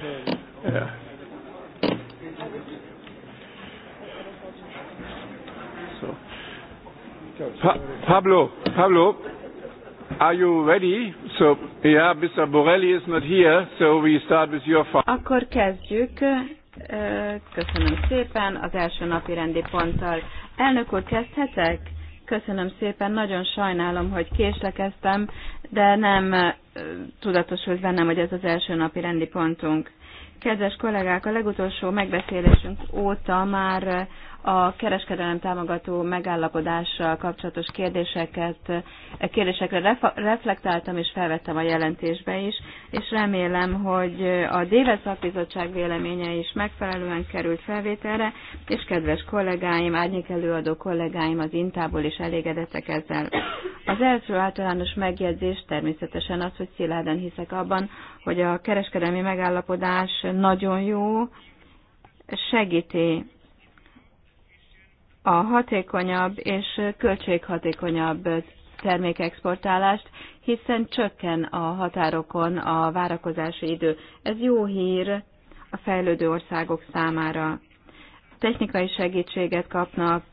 Yeah. So. Pa- Pablo, Pablo, are you ready? So, yeah, Mr. Borelli is not here, so we start with your father. Akkor kezdjük. Köszönöm szépen az első napi rendi ponttal. Elnök úr, kezdhetek? Köszönöm szépen, nagyon sajnálom, hogy késlekeztem, de nem tudatosult bennem, hogy ez az első napi rendi pontunk. Kedves kollégák, a legutolsó megbeszélésünk óta már a kereskedelem támogató megállapodással kapcsolatos kérdéseket, e kérdésekre reflektáltam és felvettem a jelentésbe is, és remélem, hogy a Déves Szakbizottság véleménye is megfelelően került felvételre, és kedves kollégáim, árnyék előadó kollégáim az Intából is elégedettek ezzel. Az első általános megjegyzés természetesen az, hogy szilárdan hiszek abban, hogy a kereskedelmi megállapodás nagyon jó, segíti a hatékonyabb és költséghatékonyabb termékexportálást, hiszen csökken a határokon a várakozási idő. Ez jó hír a fejlődő országok számára. Technikai segítséget kapnak,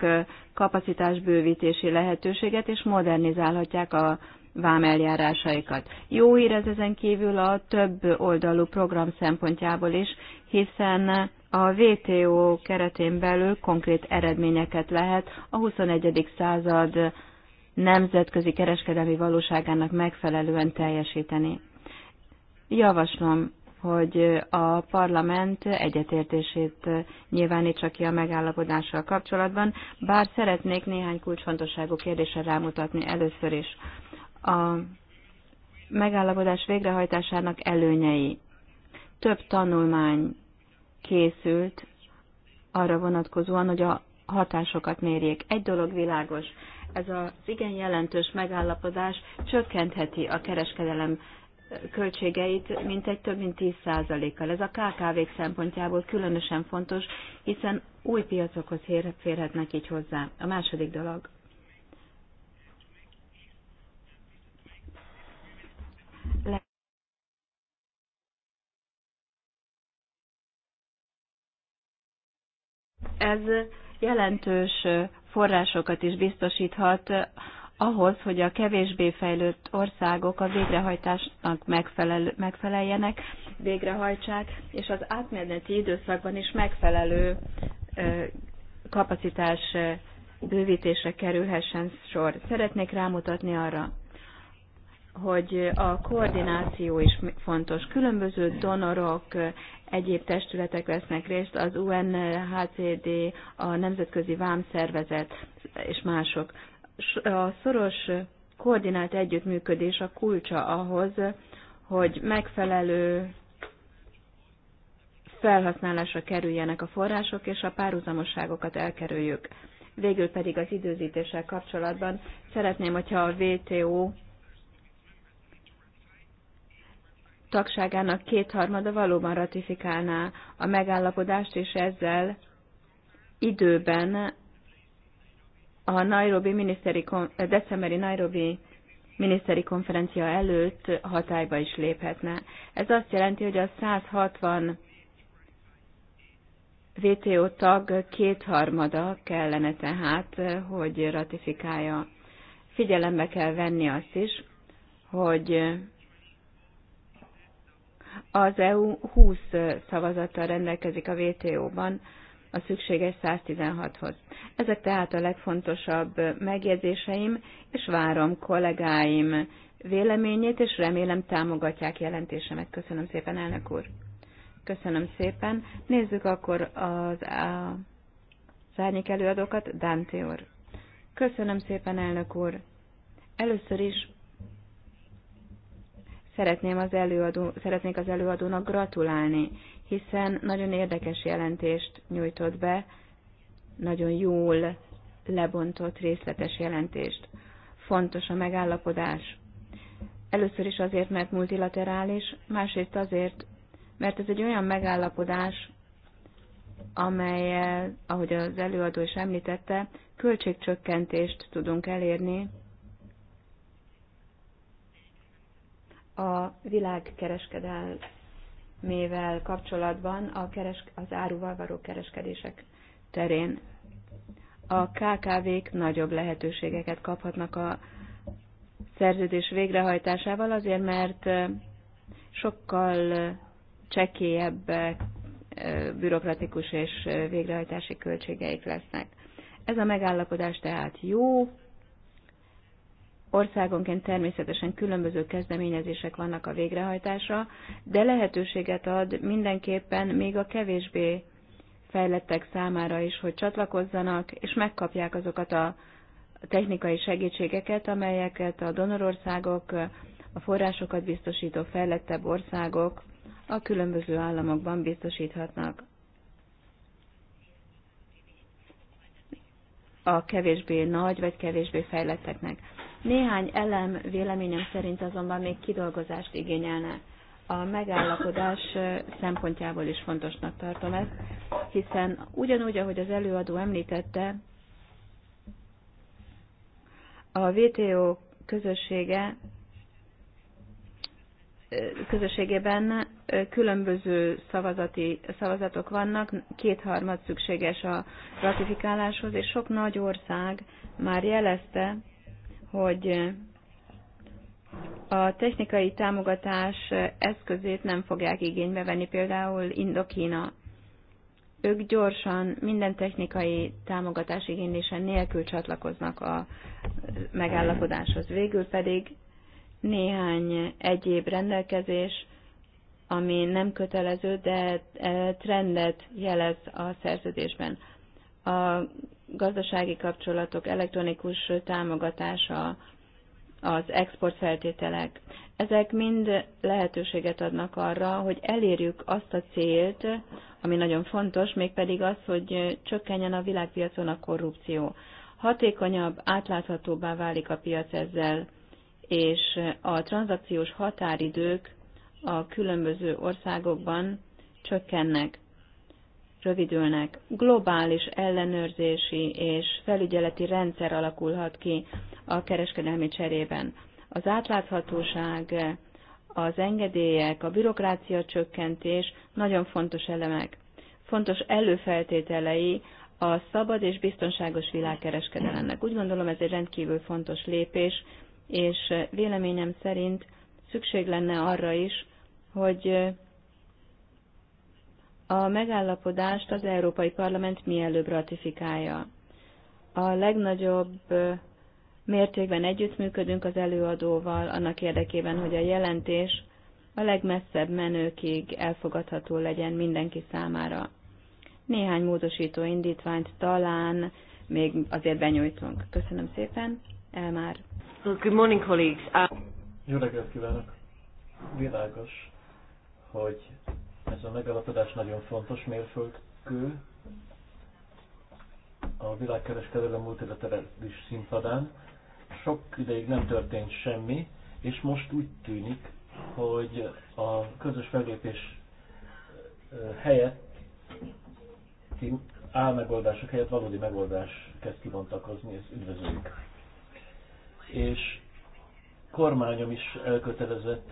kapacitásbővítési lehetőséget, és modernizálhatják a vámeljárásaikat. Jó hír ez ezen kívül a több oldalú program szempontjából is, hiszen a WTO keretén belül konkrét eredményeket lehet a 21. század nemzetközi kereskedelmi valóságának megfelelően teljesíteni. Javaslom, hogy a parlament egyetértését nyilvánítsa ki a megállapodással kapcsolatban, bár szeretnék néhány kulcsfontosságú kérdésre rámutatni először is. A megállapodás végrehajtásának előnyei. Több tanulmány készült arra vonatkozóan, hogy a hatásokat mérjék. Egy dolog világos, ez az igen jelentős megállapodás csökkentheti a kereskedelem költségeit mintegy több mint 10%-kal. Ez a kkv szempontjából különösen fontos, hiszen új piacokhoz férhetnek így hozzá. A második dolog. ez jelentős forrásokat is biztosíthat ahhoz, hogy a kevésbé fejlődött országok a végrehajtásnak megfelel, megfeleljenek, végrehajtsák, és az átmeneti időszakban is megfelelő kapacitás bővítése kerülhessen sor. Szeretnék rámutatni arra, hogy a koordináció is fontos. Különböző donorok, egyéb testületek vesznek részt, az UNHCD, a Nemzetközi Vámszervezet és mások. A szoros koordinált együttműködés a kulcsa ahhoz, hogy megfelelő felhasználásra kerüljenek a források, és a párhuzamosságokat elkerüljük. Végül pedig az időzítéssel kapcsolatban szeretném, hogyha a WTO tagságának kétharmada valóban ratifikálná a megállapodást, és ezzel időben a Nairobi miniszteri, decemberi Nairobi miniszteri konferencia előtt hatályba is léphetne. Ez azt jelenti, hogy a 160 VTO tag kétharmada kellene tehát, hogy ratifikálja. Figyelembe kell venni azt is, hogy az EU 20 szavazattal rendelkezik a WTO-ban, a szükséges 116-hoz. Ezek tehát a legfontosabb megjegyzéseim, és várom kollégáim véleményét, és remélem támogatják jelentésemet. Köszönöm szépen, elnök úr. Köszönöm szépen. Nézzük akkor az, a, az előadókat. Dante úr. Köszönöm szépen, elnök úr. Először is Szeretném az előadó, szeretnék az előadónak gratulálni, hiszen nagyon érdekes jelentést nyújtott be, nagyon jól lebontott részletes jelentést. Fontos a megállapodás. Először is azért, mert multilaterális, másrészt azért, mert ez egy olyan megállapodás, amelyel, ahogy az előadó is említette, költségcsökkentést tudunk elérni a világkereskedelmével kapcsolatban a keres- az áruval való kereskedések terén. A KKV-k nagyobb lehetőségeket kaphatnak a szerződés végrehajtásával, azért mert sokkal csekélyebb bürokratikus és végrehajtási költségeik lesznek. Ez a megállapodás tehát jó, Országonként természetesen különböző kezdeményezések vannak a végrehajtása, de lehetőséget ad mindenképpen még a kevésbé fejlettek számára is, hogy csatlakozzanak, és megkapják azokat a technikai segítségeket, amelyeket a donorországok, a forrásokat biztosító fejlettebb országok a különböző államokban biztosíthatnak. a kevésbé nagy vagy kevésbé fejletteknek. Néhány elem véleményem szerint azonban még kidolgozást igényelne. A megállapodás szempontjából is fontosnak tartom ezt, hiszen ugyanúgy, ahogy az előadó említette, a VTO közössége közösségében különböző szavazati, szavazatok vannak, kétharmad szükséges a ratifikáláshoz, és sok nagy ország már jelezte, hogy a technikai támogatás eszközét nem fogják igénybe venni, például Indokína. Ők gyorsan minden technikai támogatás igénylése nélkül csatlakoznak a megállapodáshoz. Végül pedig néhány egyéb rendelkezés, ami nem kötelező, de eh, trendet jelez a szerződésben. A gazdasági kapcsolatok elektronikus támogatása, az exportfeltételek. Ezek mind lehetőséget adnak arra, hogy elérjük azt a célt, ami nagyon fontos, mégpedig az, hogy csökkenjen a világpiacon a korrupció. Hatékonyabb, átláthatóbbá válik a piac ezzel, és a tranzakciós határidők a különböző országokban csökkennek rövidülnek. Globális ellenőrzési és felügyeleti rendszer alakulhat ki a kereskedelmi cserében. Az átláthatóság, az engedélyek, a bürokrácia csökkentés nagyon fontos elemek. Fontos előfeltételei a szabad és biztonságos világkereskedelemnek. Úgy gondolom ez egy rendkívül fontos lépés, és véleményem szerint szükség lenne arra is, hogy a megállapodást az Európai Parlament mielőbb ratifikálja. A legnagyobb mértékben együttműködünk az előadóval annak érdekében, hogy a jelentés a legmesszebb menőkig elfogadható legyen mindenki számára. Néhány módosító indítványt talán még azért benyújtunk. Köszönöm szépen, Elmár. Good morning, colleagues. Jó reggelt kívánok! Világos, hogy ez a megalapodás nagyon fontos mérföldkő a világkereskedelem is színpadán. Sok ideig nem történt semmi, és most úgy tűnik, hogy a közös fellépés helyett álmegoldások helyett valódi megoldás kezd kivontakozni, ez üdvözöljük. És kormányom is elkötelezett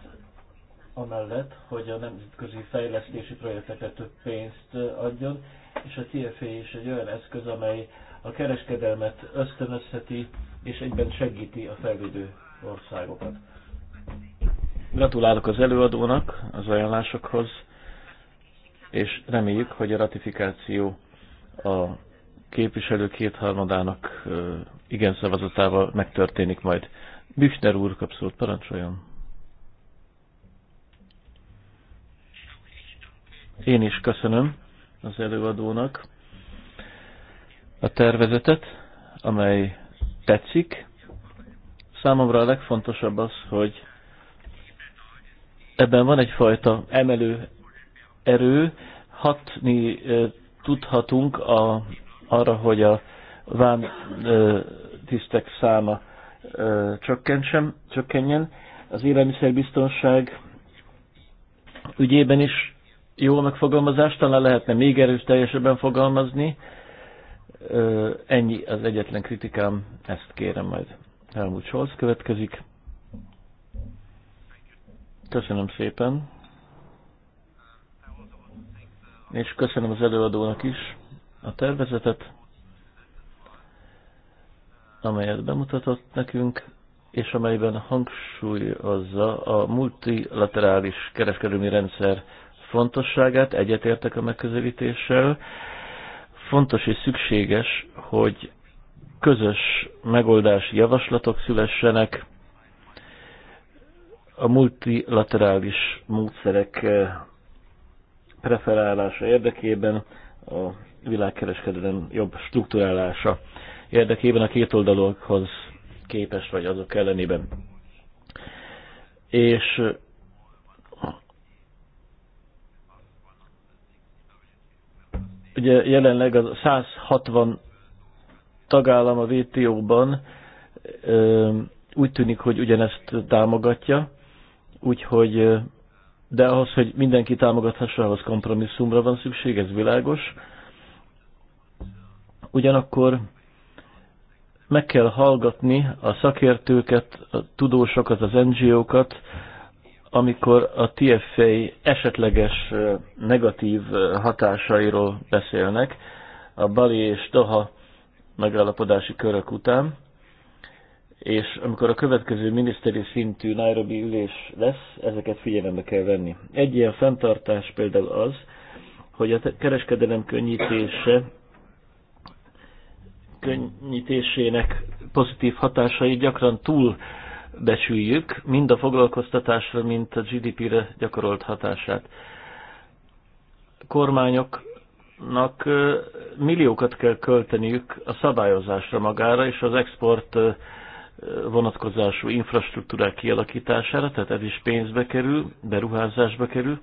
amellett, hogy a nemzetközi fejlesztési projektekre több pénzt adjon, és a TFA is egy olyan eszköz, amely a kereskedelmet ösztönözheti, és egyben segíti a felvédő országokat. Gratulálok az előadónak az ajánlásokhoz, és reméljük, hogy a ratifikáció a képviselő kétharmadának igen szavazatával megtörténik majd. Büchner úr kap parancsoljon! Én is köszönöm az előadónak a tervezetet, amely tetszik. Számomra a legfontosabb az, hogy ebben van egyfajta emelő erő, hatni tudhatunk a, arra, hogy a vám tisztek száma csökkenjen. Az élelmiszerbiztonság ügyében is jó megfogalmazás, talán lehetne még erős teljesebben fogalmazni. Ennyi az egyetlen kritikám, ezt kérem majd. Helmut Scholz következik. Köszönöm szépen. És köszönöm az előadónak is a tervezetet, amelyet bemutatott nekünk, és amelyben hangsúlyozza a multilaterális kereskedelmi rendszer fontosságát, egyetértek a megközelítéssel. Fontos és szükséges, hogy közös megoldási javaslatok szülessenek, a multilaterális módszerek eh, preferálása érdekében, a világkereskedelem jobb struktúrálása érdekében a oldalokhoz képest, vagy azok ellenében. És Ugye jelenleg a 160 tagállam a WTO-ban úgy tűnik, hogy ugyanezt támogatja, úgyhogy de ahhoz, hogy mindenki támogathassa, ahhoz kompromisszumra van szükség, ez világos. Ugyanakkor meg kell hallgatni a szakértőket, a tudósokat, az NGO-kat, amikor a TFA esetleges negatív hatásairól beszélnek a Bali és Doha megállapodási körök után, és amikor a következő miniszteri szintű Nairobi ülés lesz, ezeket figyelembe kell venni. Egy ilyen fenntartás például az, hogy a kereskedelem könnyítése könnyítésének pozitív hatásai gyakran túl becsüljük, mind a foglalkoztatásra, mint a GDP-re gyakorolt hatását. Kormányoknak milliókat kell költeniük a szabályozásra magára, és az export vonatkozású infrastruktúrák kialakítására, tehát ez is pénzbe kerül, beruházásba kerül,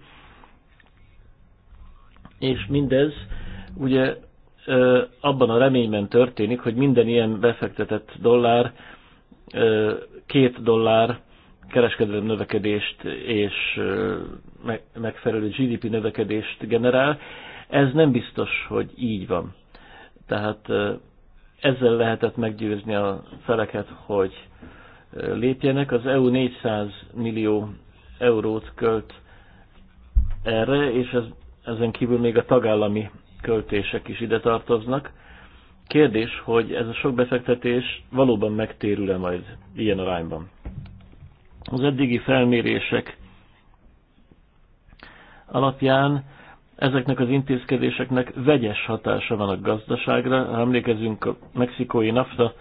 és mindez ugye abban a reményben történik, hogy minden ilyen befektetett dollár két dollár kereskedelmi növekedést és megfelelő GDP növekedést generál. Ez nem biztos, hogy így van. Tehát ezzel lehetett meggyőzni a feleket, hogy lépjenek. Az EU 400 millió eurót költ erre, és ez, ezen kívül még a tagállami költések is ide tartoznak. Kérdés, hogy ez a sok befektetés valóban megtérül-e majd ilyen arányban. Az eddigi felmérések alapján ezeknek az intézkedéseknek vegyes hatása van a gazdaságra. Ha emlékezünk a mexikói NAFTA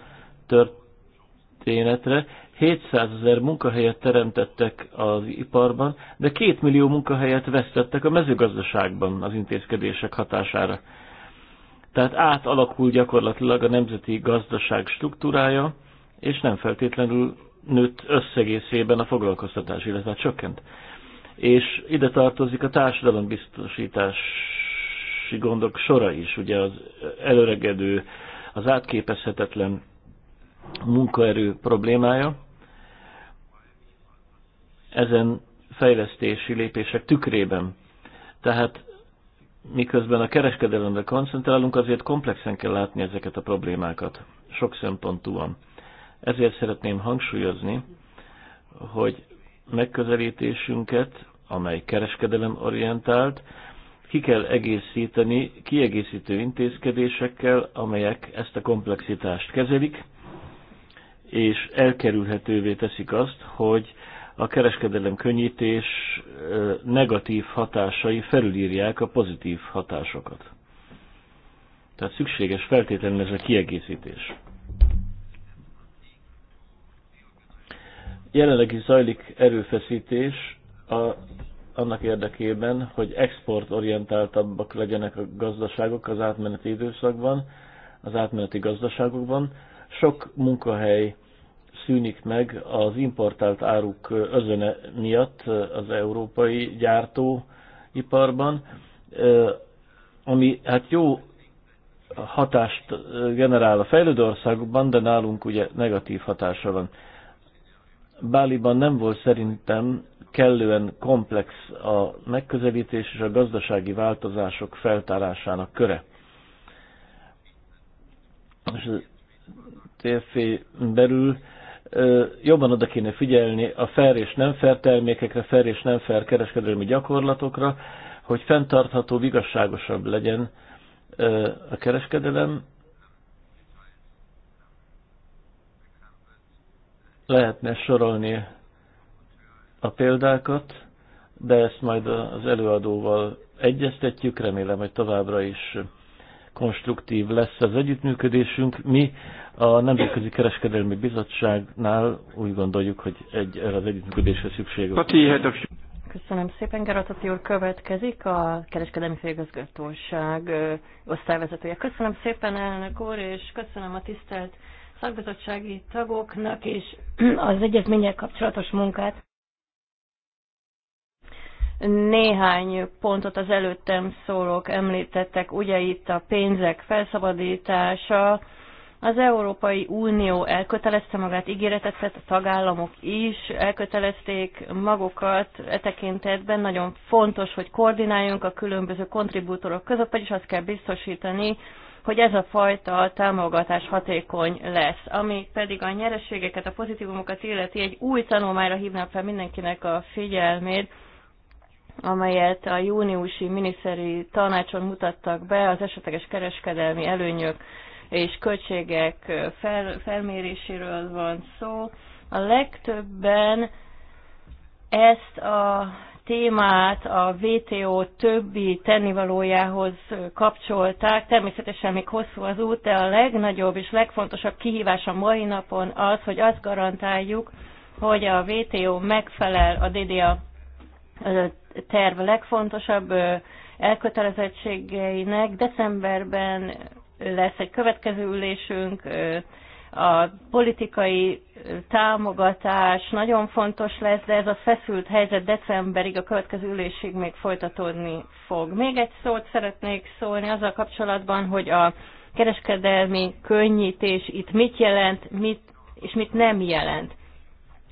történetre, 700 ezer munkahelyet teremtettek az iparban, de 2 millió munkahelyet vesztettek a mezőgazdaságban az intézkedések hatására. Tehát átalakul gyakorlatilag a nemzeti gazdaság struktúrája, és nem feltétlenül nőtt összegészében a foglalkoztatás, illetve csökkent. És ide tartozik a társadalombiztosítási gondok sora is, ugye az előregedő, az átképezhetetlen munkaerő problémája. Ezen fejlesztési lépések tükrében. Tehát miközben a kereskedelemre koncentrálunk, azért komplexen kell látni ezeket a problémákat, sok szempontúan. Ezért szeretném hangsúlyozni, hogy megközelítésünket, amely kereskedelem orientált, ki kell egészíteni kiegészítő intézkedésekkel, amelyek ezt a komplexitást kezelik, és elkerülhetővé teszik azt, hogy a kereskedelem könnyítés negatív hatásai felülírják a pozitív hatásokat. Tehát szükséges feltétlenül ez a kiegészítés. Jelenleg is zajlik erőfeszítés a, annak érdekében, hogy exportorientáltabbak legyenek a gazdaságok az átmeneti időszakban, az átmeneti gazdaságokban. Sok munkahely szűnik meg az importált áruk özöne miatt az európai gyártóiparban, eh, ami hát jó hatást generál a fejlődő országokban, de nálunk ugye negatív hatása van. Báliban nem volt szerintem kellően komplex a megközelítés és a gazdasági változások feltárásának köre. És TFV belül jobban oda kéne figyelni a fair és nem fair termékekre, fair és nem fair kereskedelmi gyakorlatokra, hogy fenntartható, igazságosabb legyen a kereskedelem. Lehetne sorolni a példákat, de ezt majd az előadóval egyeztetjük, remélem, hogy továbbra is konstruktív lesz az együttműködésünk. Mi a Nemzetközi Kereskedelmi Bizottságnál úgy gondoljuk, hogy egy, erre az együttműködésre szükség van. Hát köszönöm szépen, Geratati úr következik, a Kereskedelmi Főigazgatóság osztályvezetője. Köszönöm szépen, elnök úr, és köszönöm a tisztelt szakbizottsági tagoknak és az egyezménnyel kapcsolatos munkát. Néhány pontot az előttem szólók említettek, ugye itt a pénzek felszabadítása, az Európai Unió elkötelezte magát, ígéretet tett, a tagállamok is elkötelezték magukat e tekintetben. Nagyon fontos, hogy koordináljunk a különböző kontribútorok között, vagyis azt kell biztosítani, hogy ez a fajta támogatás hatékony lesz. Ami pedig a nyereségeket, a pozitívumokat illeti, egy új tanulmányra hívnám fel mindenkinek a figyelmét, amelyet a júniusi miniszteri tanácson mutattak be az esetleges kereskedelmi előnyök és költségek fel, felméréséről van szó. A legtöbben ezt a témát a VTO többi tennivalójához kapcsolták. Természetesen még hosszú az út, de a legnagyobb és legfontosabb kihívás a mai napon az, hogy azt garantáljuk, hogy a VTO megfelel a DDA terv legfontosabb elkötelezettségeinek. Decemberben lesz egy következő ülésünk, a politikai támogatás nagyon fontos lesz, de ez a feszült helyzet decemberig, a következő ülésig még folytatódni fog. Még egy szót szeretnék szólni azzal kapcsolatban, hogy a kereskedelmi könnyítés itt mit jelent, mit, és mit nem jelent.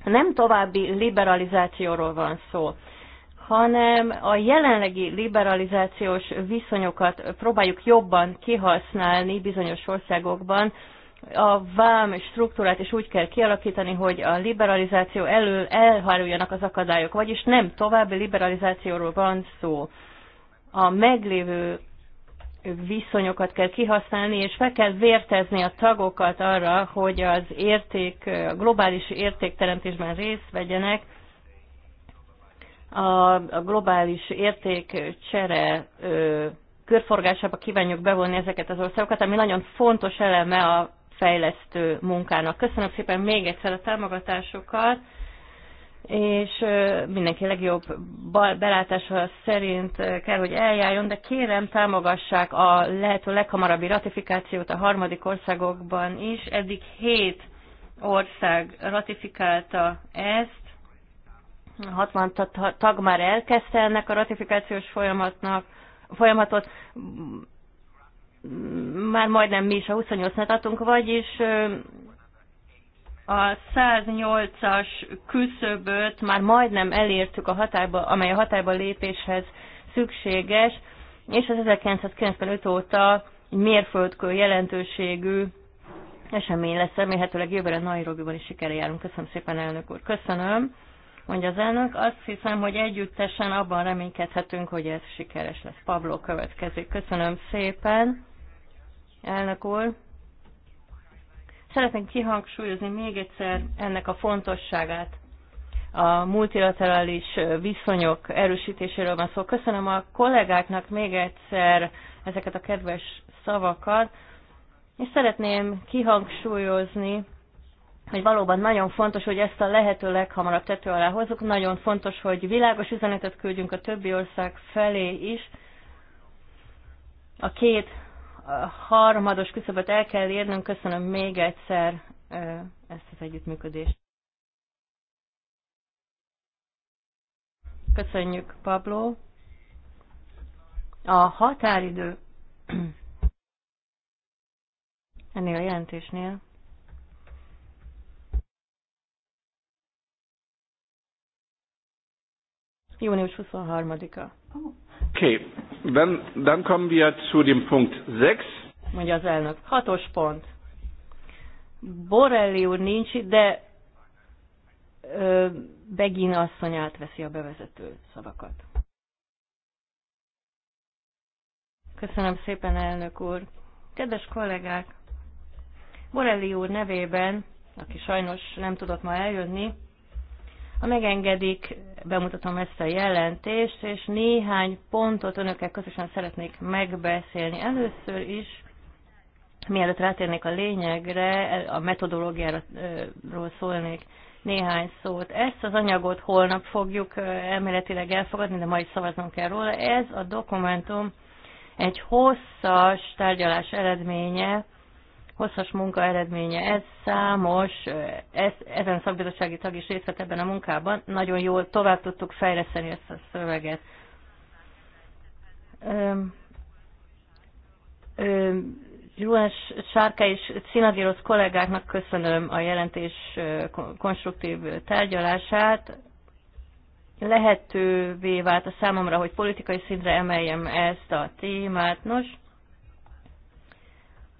Nem további liberalizációról van szó hanem a jelenlegi liberalizációs viszonyokat próbáljuk jobban kihasználni bizonyos országokban, a vám struktúrát is úgy kell kialakítani, hogy a liberalizáció elől elháruljanak az akadályok, vagyis nem további liberalizációról van szó. A meglévő viszonyokat kell kihasználni, és fel kell vértezni a tagokat arra, hogy az érték, a globális értékteremtésben részt vegyenek, a globális értékcsere körforgásába kívánjuk bevonni ezeket az országokat, ami nagyon fontos eleme a fejlesztő munkának. Köszönöm szépen még egyszer a támogatásokat, és mindenki legjobb belátása szerint kell, hogy eljárjon, de kérem támogassák a lehető leghamarabbi ratifikációt a harmadik országokban is. Eddig hét ország ratifikálta ezt, 60 tag már elkezdte ennek a ratifikációs folyamatnak, folyamatot, már majdnem mi is a 28 nak adtunk, vagyis a 108-as küszöböt már majdnem elértük a hatályba, amely a hatályba lépéshez szükséges, és az 1995 óta mérföldkő jelentőségű esemény lesz, remélhetőleg jövőre Nairobiban is sikerre járunk. Köszönöm szépen, elnök úr. Köszönöm mondja az elnök. Azt hiszem, hogy együttesen abban reménykedhetünk, hogy ez sikeres lesz. Pablo következik. Köszönöm szépen, elnök úr. Szeretném kihangsúlyozni még egyszer ennek a fontosságát. A multilaterális viszonyok erősítéséről van szó. Köszönöm a kollégáknak még egyszer ezeket a kedves szavakat, és szeretném kihangsúlyozni, hogy valóban nagyon fontos, hogy ezt a lehető leghamarabb tető alá hozzuk. Nagyon fontos, hogy világos üzenetet küldjünk a többi ország felé is. A két harmados küszöböt el kell érnünk. Köszönöm még egyszer ezt az együttműködést. Köszönjük, Pablo. A határidő ennél a jelentésnél június 23-a. Oké, okay. dann, dann kommen wir zu dem Punkt 6. Mondja az elnök. Hatos pont. Borelli úr nincs, de ö, Begin asszony átveszi a bevezető szavakat. Köszönöm szépen, elnök úr. Kedves kollégák, Borelli úr nevében, aki sajnos nem tudott ma eljönni, ha megengedik, bemutatom ezt a jelentést, és néhány pontot önökkel közösen szeretnék megbeszélni. Először is, mielőtt rátérnék a lényegre, a metodológiáról szólnék néhány szót. Ezt az anyagot holnap fogjuk elméletileg elfogadni, de majd szavaznunk kell róla. Ez a dokumentum egy hosszas tárgyalás eredménye, hosszas munka eredménye. Ez számos, ez, ezen szakbizottsági tag is részt vett ebben a munkában. Nagyon jól tovább tudtuk fejleszteni ezt a szöveget. Júlás öm, Sárka és Cinadírosz kollégáknak köszönöm a jelentés konstruktív tárgyalását. Lehetővé vált a számomra, hogy politikai szintre emeljem ezt a témát. Nos,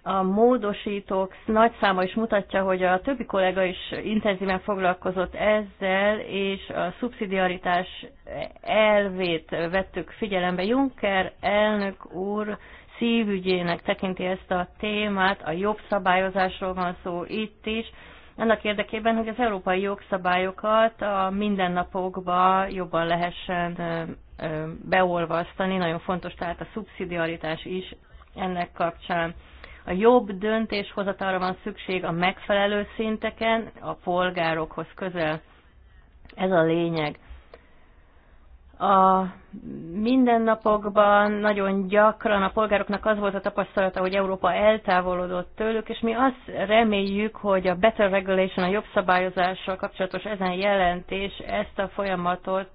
a módosítók nagy száma is mutatja, hogy a többi kollega is intenzíven foglalkozott ezzel, és a szubszidiaritás elvét vettük figyelembe. Juncker elnök úr szívügyének tekinti ezt a témát, a jobb szabályozásról van szó itt is, annak érdekében, hogy az európai jogszabályokat a mindennapokba jobban lehessen beolvasztani. Nagyon fontos tehát a szubszidiaritás is ennek kapcsán. A jobb döntéshozatalra van szükség a megfelelő szinteken, a polgárokhoz közel. Ez a lényeg a mindennapokban nagyon gyakran a polgároknak az volt a tapasztalata, hogy Európa eltávolodott tőlük, és mi azt reméljük, hogy a Better Regulation, a jobb szabályozással kapcsolatos ezen jelentés ezt a folyamatot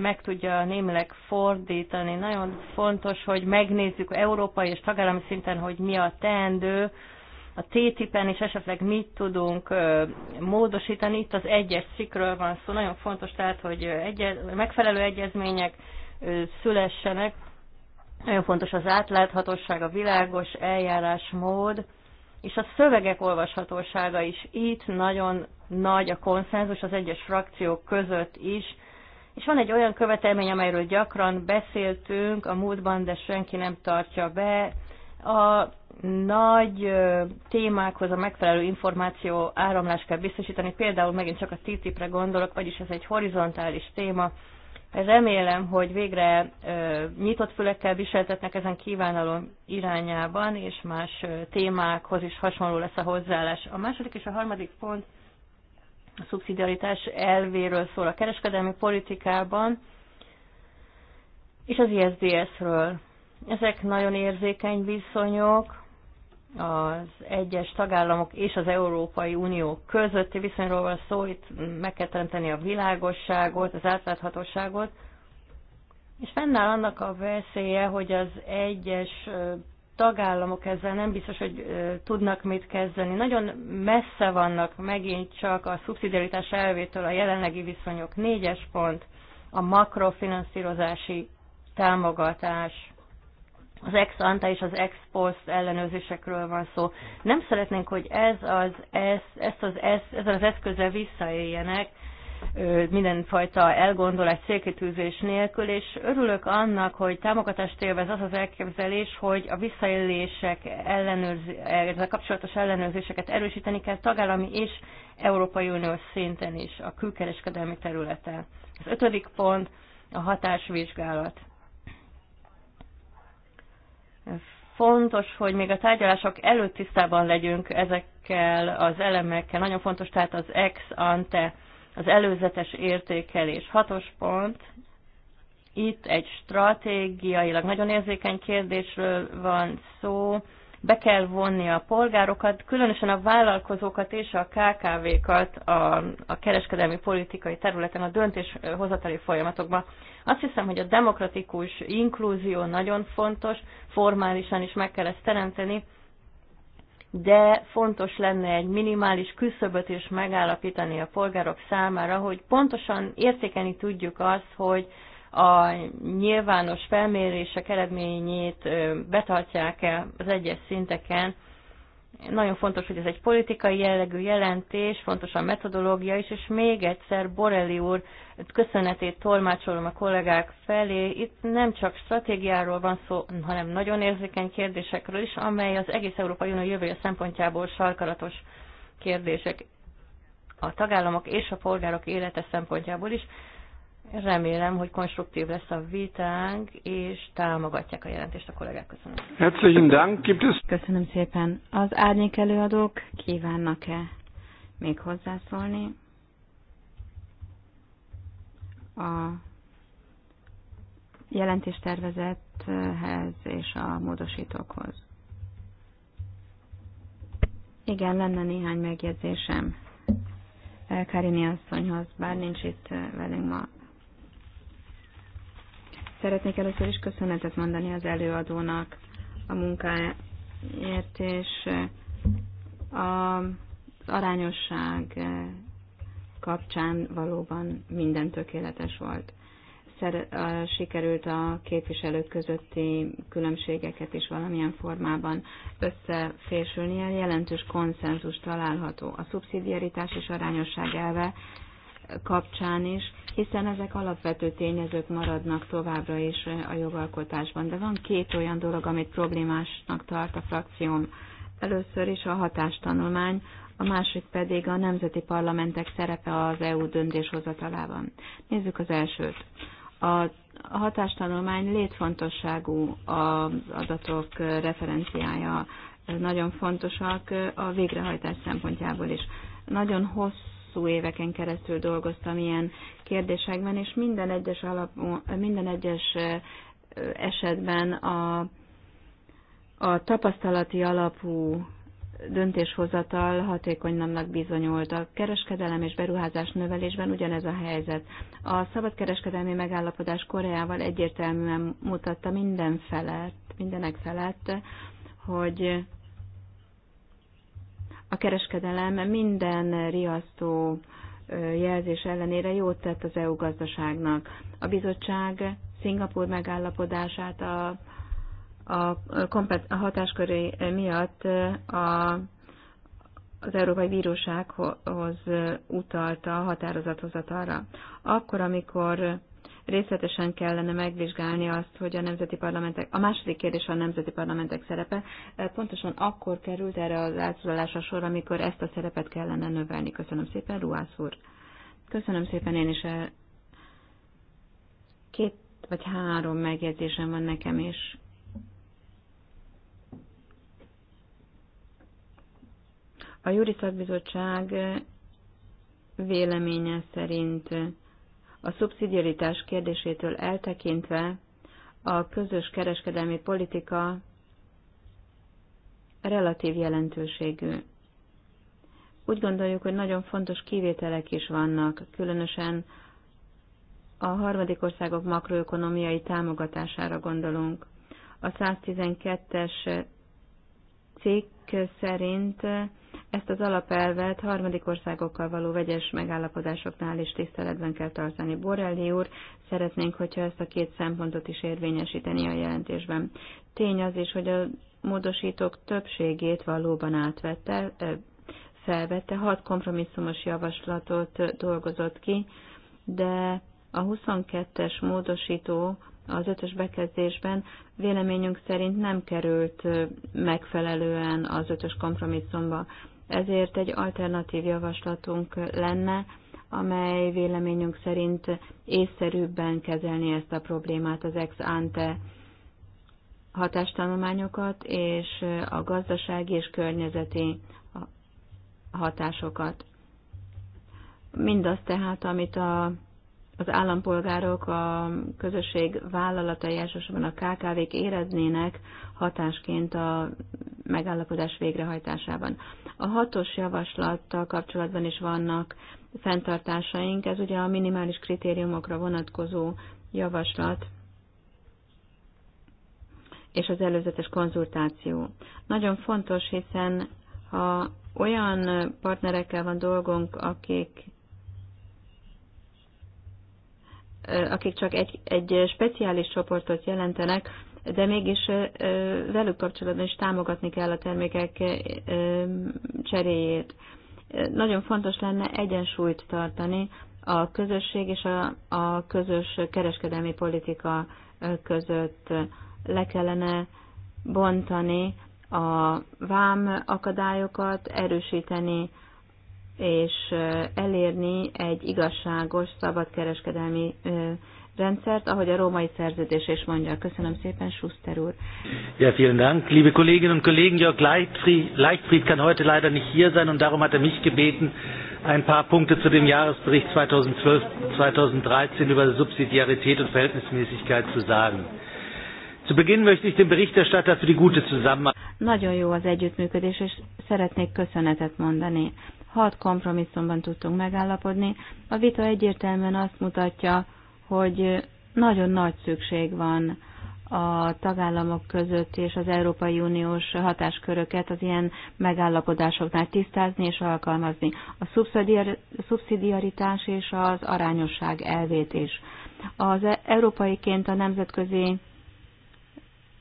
meg tudja némileg fordítani. Nagyon fontos, hogy megnézzük európai és tagállami szinten, hogy mi a teendő, a TTIP-en, is esetleg mit tudunk módosítani. Itt az egyes cikről van szó, nagyon fontos tehát, hogy egye, megfelelő egyezmények szülessenek. Nagyon fontos az átláthatóság, a világos eljárásmód, és a szövegek olvashatósága is. Itt nagyon nagy a konszenzus az egyes frakciók között is, és van egy olyan követelmény, amelyről gyakran beszéltünk a múltban, de senki nem tartja be, a nagy témákhoz a megfelelő információ áramlást kell biztosítani, például megint csak a TTIP-re gondolok, vagyis ez egy horizontális téma. Remélem, hogy végre ö, nyitott fülekkel viseltetnek ezen kívánalom irányában, és más ö, témákhoz is hasonló lesz a hozzáállás. A második és a harmadik pont a szubszidiaritás elvéről szól a kereskedelmi politikában, és az ISDS-ről ezek nagyon érzékeny viszonyok, az egyes tagállamok és az Európai Unió közötti viszonyról van szó, itt meg kell teremteni a világosságot, az átláthatóságot, és fennáll annak a veszélye, hogy az egyes tagállamok ezzel nem biztos, hogy tudnak mit kezdeni. Nagyon messze vannak megint csak a szubszidiaritás elvétől a jelenlegi viszonyok. Négyes pont, a makrofinanszírozási támogatás az ex anta és az ex post ellenőrzésekről van szó. Nem szeretnénk, hogy ez az, ez, ezt az, ez, ezzel az eszközzel visszaéljenek mindenfajta elgondolás, célkitűzés nélkül, és örülök annak, hogy támogatást élvez az az elképzelés, hogy a visszaélések ellenőrzi, kapcsolatos ellenőrzéseket erősíteni kell tagállami és Európai Uniós szinten is, a külkereskedelmi területen. Az ötödik pont a hatásvizsgálat Fontos, hogy még a tárgyalások előtt tisztában legyünk ezekkel az elemekkel. Nagyon fontos tehát az ex ante, az előzetes értékelés. Hatos pont, itt egy stratégiailag nagyon érzékeny kérdésről van szó, be kell vonni a polgárokat, különösen a vállalkozókat és a KKV-kat a, a kereskedelmi politikai területen, a döntéshozatali folyamatokban. Azt hiszem, hogy a demokratikus inkluzió nagyon fontos, formálisan is meg kell ezt teremteni, de fontos lenne egy minimális küszöböt is megállapítani a polgárok számára, hogy pontosan értékeni tudjuk azt, hogy a nyilvános felmérések eredményét betartják-e az egyes szinteken. Nagyon fontos, hogy ez egy politikai jellegű jelentés, fontos a metodológia is, és még egyszer Borelli úr köszönetét tolmácsolom a kollégák felé. Itt nem csak stratégiáról van szó, hanem nagyon érzékeny kérdésekről is, amely az egész Európai Unió jövője szempontjából sarkalatos kérdések a tagállamok és a polgárok élete szempontjából is. Remélem, hogy konstruktív lesz a vitánk, és támogatják a jelentést a kollégák. Köszönöm. Herzlichen Dank. Gibt es... Köszönöm szépen. Az árnyék előadók kívánnak-e még hozzászólni? A jelentéstervezethez és a módosítókhoz. Igen, lenne néhány megjegyzésem Karini asszonyhoz, bár nincs itt velünk ma. Szeretnék először is köszönetet mondani az előadónak a munkáért, és eh, az arányosság eh, kapcsán valóban minden tökéletes volt. Sikerült a képviselők közötti különbségeket is valamilyen formában összefésülnie, jelentős konszenzus található. A szubszidiaritás és arányosság elve kapcsán is, hiszen ezek alapvető tényezők maradnak továbbra is a jogalkotásban. De van két olyan dolog, amit problémásnak tart a frakcióm. Először is a hatástanulmány, a másik pedig a nemzeti parlamentek szerepe az EU döntéshozatalában. Nézzük az elsőt. A hatástanulmány létfontosságú az adatok referenciája, nagyon fontosak a végrehajtás szempontjából is. Nagyon hossz, hosszú éveken keresztül dolgoztam ilyen kérdésekben, és minden egyes, alap, minden egyes esetben a, a tapasztalati alapú döntéshozatal hatékonynak bizonyult. A kereskedelem és beruházás növelésben ugyanez a helyzet. A szabadkereskedelmi megállapodás Koreával egyértelműen mutatta minden felett, mindenek felett, hogy a kereskedelem minden riasztó jelzés ellenére jót tett az EU gazdaságnak. A bizottság Szingapur megállapodását a, a, kompet, a hatásköré miatt a, az Európai Bírósághoz utalta a határozathozatalra. Akkor, amikor részletesen kellene megvizsgálni azt, hogy a nemzeti parlamentek, a második kérdés a nemzeti parlamentek szerepe, eh, pontosan akkor került erre az átszólalásra sor, amikor ezt a szerepet kellene növelni. Köszönöm szépen, Ruász úr. Köszönöm szépen én is. El... Eh, két vagy három megjegyzésem van nekem, is. A Júri Szakbizottság eh, véleménye szerint a szubszidiaritás kérdésétől eltekintve a közös kereskedelmi politika relatív jelentőségű. Úgy gondoljuk, hogy nagyon fontos kivételek is vannak, különösen a harmadik országok makroökonomiai támogatására gondolunk. A 112-es cikk szerint ezt az alapelvet harmadik országokkal való vegyes megállapodásoknál is tiszteletben kell tartani. Borelli úr, szeretnénk, hogyha ezt a két szempontot is érvényesíteni a jelentésben. Tény az is, hogy a módosítók többségét valóban átvette, felvette, hat kompromisszumos javaslatot dolgozott ki, de a 22-es módosító az ötös bekezdésben véleményünk szerint nem került megfelelően az ötös kompromisszumba. Ezért egy alternatív javaslatunk lenne, amely véleményünk szerint észszerűbben kezelni ezt a problémát az ex ante hatástanulmányokat és a gazdasági és környezeti hatásokat. Mindaz tehát, amit a, az állampolgárok, a közösség vállalatai, elsősorban a KKV-k éreznének hatásként a megállapodás végrehajtásában. A hatos javaslattal kapcsolatban is vannak fenntartásaink, ez ugye a minimális kritériumokra vonatkozó javaslat és az előzetes konzultáció. Nagyon fontos, hiszen ha olyan partnerekkel van dolgunk, akik akik csak egy, egy speciális csoportot jelentenek, de mégis velük kapcsolatban is támogatni kell a termékek cseréjét. Nagyon fontos lenne egyensúlyt tartani a közösség és a, a közös kereskedelmi politika között. Le kellene bontani a vám akadályokat, erősíteni és elérni egy igazságos, szabadkereskedelmi rendszert, ahogy a római szerződés is mondja. Köszönöm szépen, Schuster úr. Ja, vielen Dank. Liebe Kolleginnen und Kollegen, Jörg Leichtfried, Leichtfried kann heute leider nicht hier sein und darum hat er mich gebeten, ein paar Punkte zu dem Jahresbericht 2012-2013 über Subsidiarität und Verhältnismäßigkeit zu sagen. Zu Beginn möchte ich dem Berichterstatter für die gute Zusammenarbeit. Nagyon jó az együttműködés, és szeretnék köszönetet mondani. Hat kompromisszumban tudtunk megállapodni. A vita egyértelműen azt mutatja, hogy nagyon nagy szükség van a tagállamok között és az Európai Uniós hatásköröket az ilyen megállapodásoknál tisztázni és alkalmazni. A szubszidiaritás és az arányosság elvét is. Az e-, európaiként a nemzetközi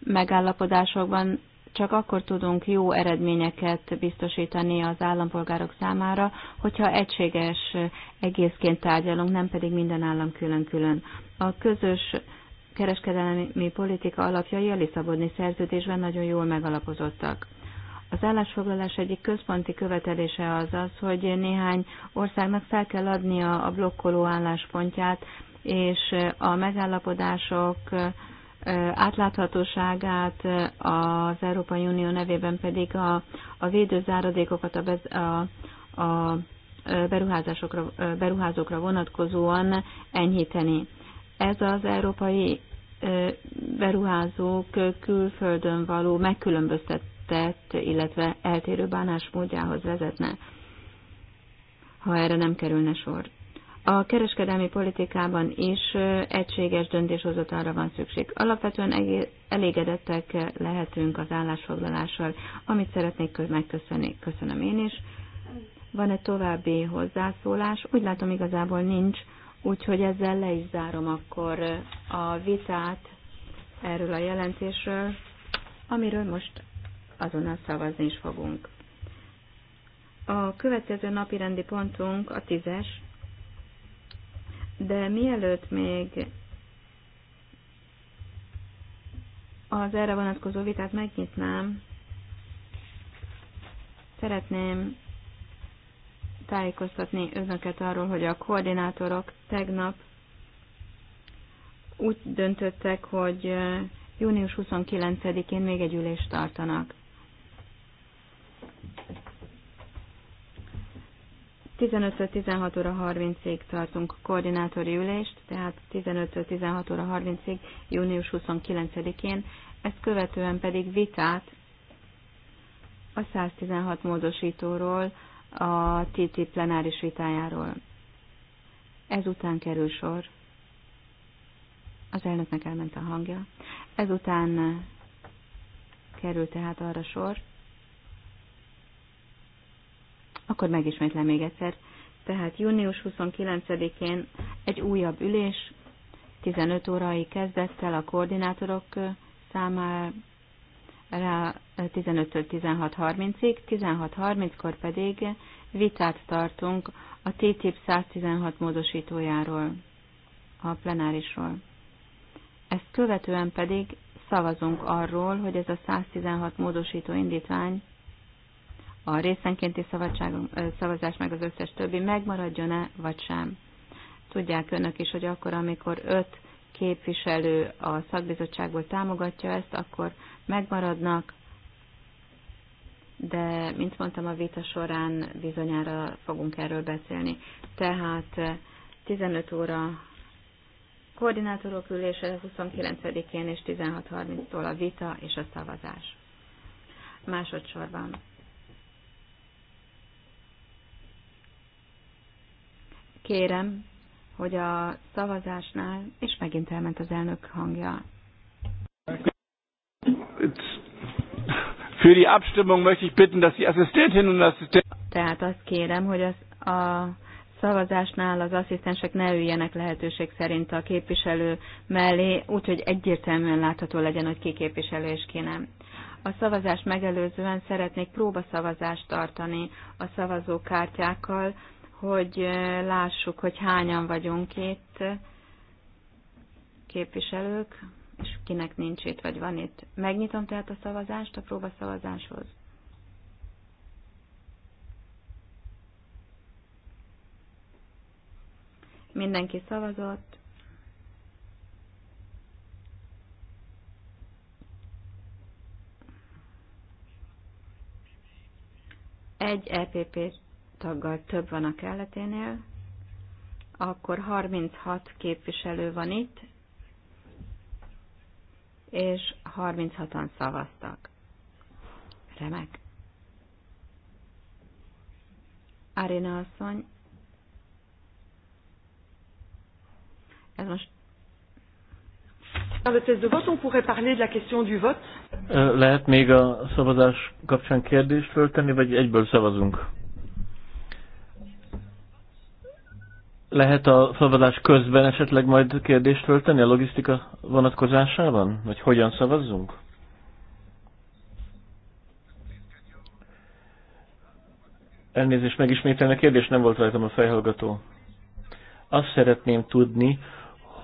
megállapodásokban csak akkor tudunk jó eredményeket biztosítani az állampolgárok számára, hogyha egységes egészként tárgyalunk, nem pedig minden állam külön-külön. A közös kereskedelmi politika alapjai a Lisszaboni szerződésben nagyon jól megalapozottak. Az állásfoglalás egyik központi követelése az az, hogy néhány országnak fel kell adnia a blokkoló álláspontját, és a megállapodások átláthatóságát, az Európai Unió nevében pedig a, a védőzáradékokat a, bez, a, a beruházásokra, beruházókra vonatkozóan enyhíteni. Ez az európai beruházók külföldön való megkülönböztetett, illetve eltérő bánásmódjához vezetne, ha erre nem kerülne sor a kereskedelmi politikában is egységes döntéshozatalra van szükség. Alapvetően elégedettek lehetünk az állásfoglalással, amit szeretnék megköszönni. Köszönöm én is. Van-e további hozzászólás? Úgy látom igazából nincs, úgyhogy ezzel le is zárom akkor a vitát erről a jelentésről, amiről most azonnal szavazni is fogunk. A következő napi rendi pontunk a tízes, de mielőtt még az erre vonatkozó vitát megnyitnám, szeretném tájékoztatni önöket arról, hogy a koordinátorok tegnap úgy döntöttek, hogy június 29-én még egy ülést tartanak. 15-16 óra 30-ig tartunk koordinátori ülést, tehát 15-16 óra 30-ig június 29-én, ezt követően pedig vitát a 116 módosítóról, a TT plenáris vitájáról. Ezután kerül sor. Az elnöknek elment a hangja. Ezután kerül tehát arra sor, akkor megismétlem még egyszer. Tehát június 29-én egy újabb ülés, 15 órai kezdettel a koordinátorok számára 15-től 16.30-ig, 16.30-kor pedig vitát tartunk a TTIP 116 módosítójáról, a plenárisról. Ezt követően pedig szavazunk arról, hogy ez a 116 módosító indítvány a részenkénti szavazás, meg az összes többi megmaradjon-e, vagy sem. Tudják önök is, hogy akkor, amikor öt képviselő a szakbizottságból támogatja ezt, akkor megmaradnak, de, mint mondtam, a vita során bizonyára fogunk erről beszélni. Tehát 15 óra koordinátorok ülése 29-én és 16.30-tól a vita és a szavazás. Másodszorban Kérem, hogy a szavazásnál, és megint elment az elnök hangja. Für die Abstimmung möchte ich bitten, dass die Assistentin und Assistent... Tehát azt kérem, hogy az, a szavazásnál az asszisztensek ne üljenek lehetőség szerint a képviselő mellé, úgyhogy egyértelműen látható legyen, hogy ki képviselő és ki nem. A szavazást megelőzően szeretnék próbaszavazást tartani a szavazókártyákkal, hogy lássuk, hogy hányan vagyunk itt képviselők, és kinek nincs itt, vagy van itt. Megnyitom tehát a szavazást a próbaszavazáshoz. Mindenki szavazott. Egy EPP taggal több van a kelleténél, akkor 36 képviselő van itt, és 36-an szavaztak. Remek. Arina asszony, ez most Dans le test de vote, on pourrait parler de la question du vote. Lehet még a szavazás kapcsán kérdést föltenni, vagy egyből szavazunk? Lehet a szavazás közben esetleg majd kérdést tölteni a logisztika vonatkozásában? Vagy hogyan szavazzunk? Elnézést, megismételni a kérdés, nem volt rajtam a fejhallgató. Azt szeretném tudni,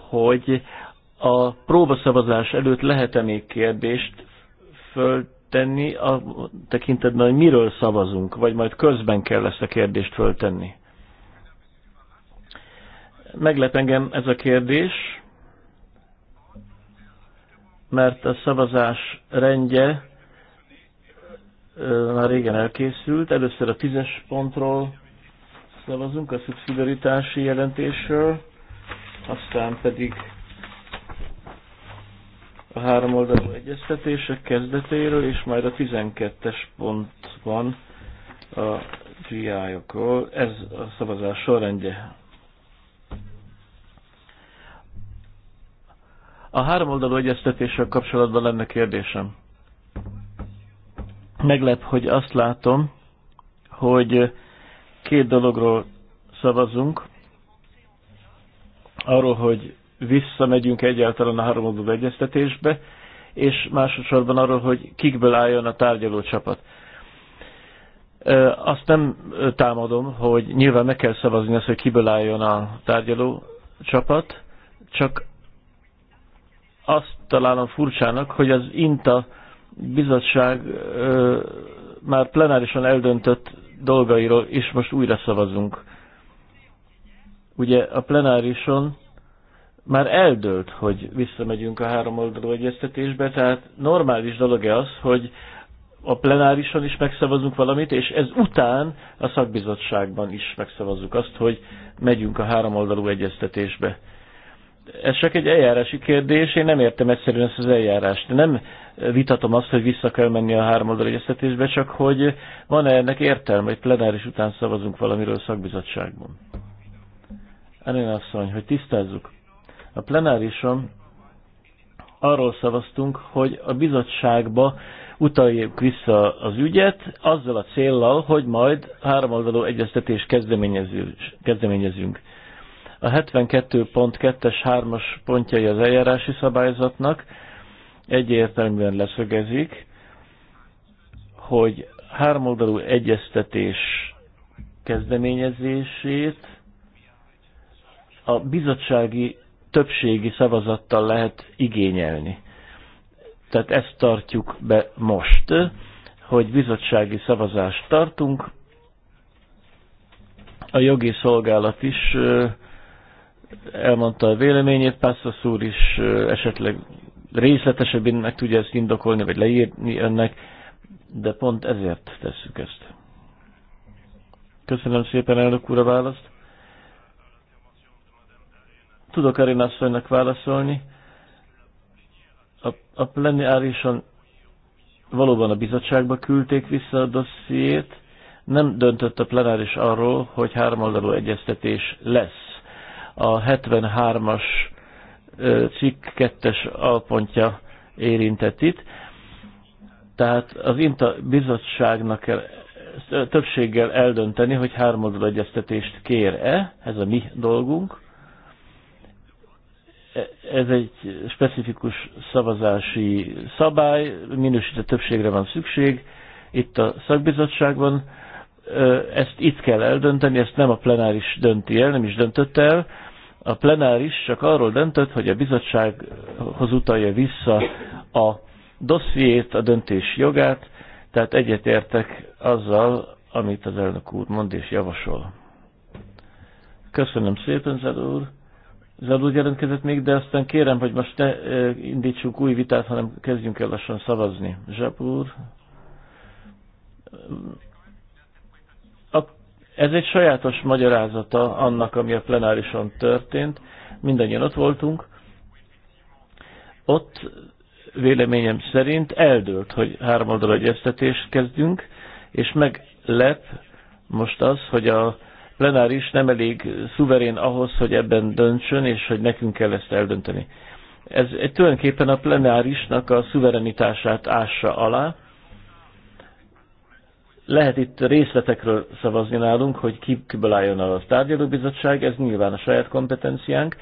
hogy a próbaszavazás előtt lehet-e még kérdést föltenni a tekintetben, hogy miről szavazunk, vagy majd közben kell ezt a kérdést föltenni? meglep engem ez a kérdés, mert a szavazás rendje már régen elkészült. Először a tízes pontról szavazunk, a szubszidaritási jelentésről, aztán pedig a háromoldalú egyeztetések kezdetéről, és majd a 12-es pontban a GI-okról. Ez a szavazás sorrendje. A háromoldalú egyeztetéssel kapcsolatban lenne kérdésem. Meglep, hogy azt látom, hogy két dologról szavazunk. Arról, hogy visszamegyünk egyáltalán a háromoldalú egyeztetésbe, és másodszorban arról, hogy kikből álljon a tárgyaló csapat. Azt nem támadom, hogy nyilván meg kell szavazni azt, hogy kiből álljon a tárgyaló csapat, csak azt találom furcsának, hogy az INTA bizottság ö, már plenárisan eldöntött dolgairól is most újra szavazunk. Ugye a plenárison már eldőlt, hogy visszamegyünk a három oldalú egyeztetésbe, tehát normális dolog-e az, hogy a plenárison is megszavazunk valamit, és ez után a szakbizottságban is megszavazzuk azt, hogy megyünk a három oldalú egyeztetésbe ez csak egy eljárási kérdés, én nem értem egyszerűen ezt az eljárást. Nem vitatom azt, hogy vissza kell menni a háromoldal egyeztetésbe, csak hogy van-e ennek értelme, hogy plenáris után szavazunk valamiről szakbizottságban. Elén asszony, hogy tisztázzuk. A plenárison arról szavaztunk, hogy a bizottságba utaljuk vissza az ügyet, azzal a céllal, hogy majd háromoldalú egyeztetés kezdeményezünk a 72.2-es 3-as pontjai az eljárási szabályzatnak egyértelműen leszögezik, hogy háromoldalú egyeztetés kezdeményezését a bizottsági többségi szavazattal lehet igényelni. Tehát ezt tartjuk be most, hogy bizottsági szavazást tartunk. A jogi szolgálat is elmondta a véleményét, Pászasz úr is esetleg részletesebben meg tudja ezt indokolni, vagy leírni önnek, de pont ezért tesszük ezt. Köszönöm szépen elnök úr a választ. Tudok Arina asszonynak válaszolni. A, a plenárison valóban a bizottságba küldték vissza a dossziét. Nem döntött a plenáris arról, hogy hármoldalú egyeztetés lesz a 73-as cikk 2 alpontja érintett itt. Tehát az INTA bizottságnak kell többséggel eldönteni, hogy hármadul egyeztetést kér-e, ez a mi dolgunk. Ez egy specifikus szavazási szabály, minősített többségre van szükség, itt a szakbizottságban, ezt itt kell eldönteni, ezt nem a plenáris dönti el, nem is döntött el, a plenáris csak arról döntött, hogy a bizottsághoz utalja vissza a dossziét, a döntés jogát, tehát egyetértek azzal, amit az elnök úr mond és javasol. Köszönöm szépen, Zed úr. Zed úr jelentkezett még, de aztán kérem, hogy most ne eh, indítsunk új vitát, hanem kezdjünk el lassan szavazni. Zsab úr, ez egy sajátos magyarázata annak, ami a plenárison történt. Mindannyian ott voltunk. Ott véleményem szerint eldőlt, hogy háromoldal egyeztetést kezdünk, és meglep most az, hogy a plenáris nem elég szuverén ahhoz, hogy ebben döntsön, és hogy nekünk kell ezt eldönteni. Ez egy tulajdonképpen a plenárisnak a szuverenitását ássa alá, lehet itt részletekről szavazni nálunk, hogy ki, kiből álljon a tárgyalóbizottság, ez nyilván a saját kompetenciánk,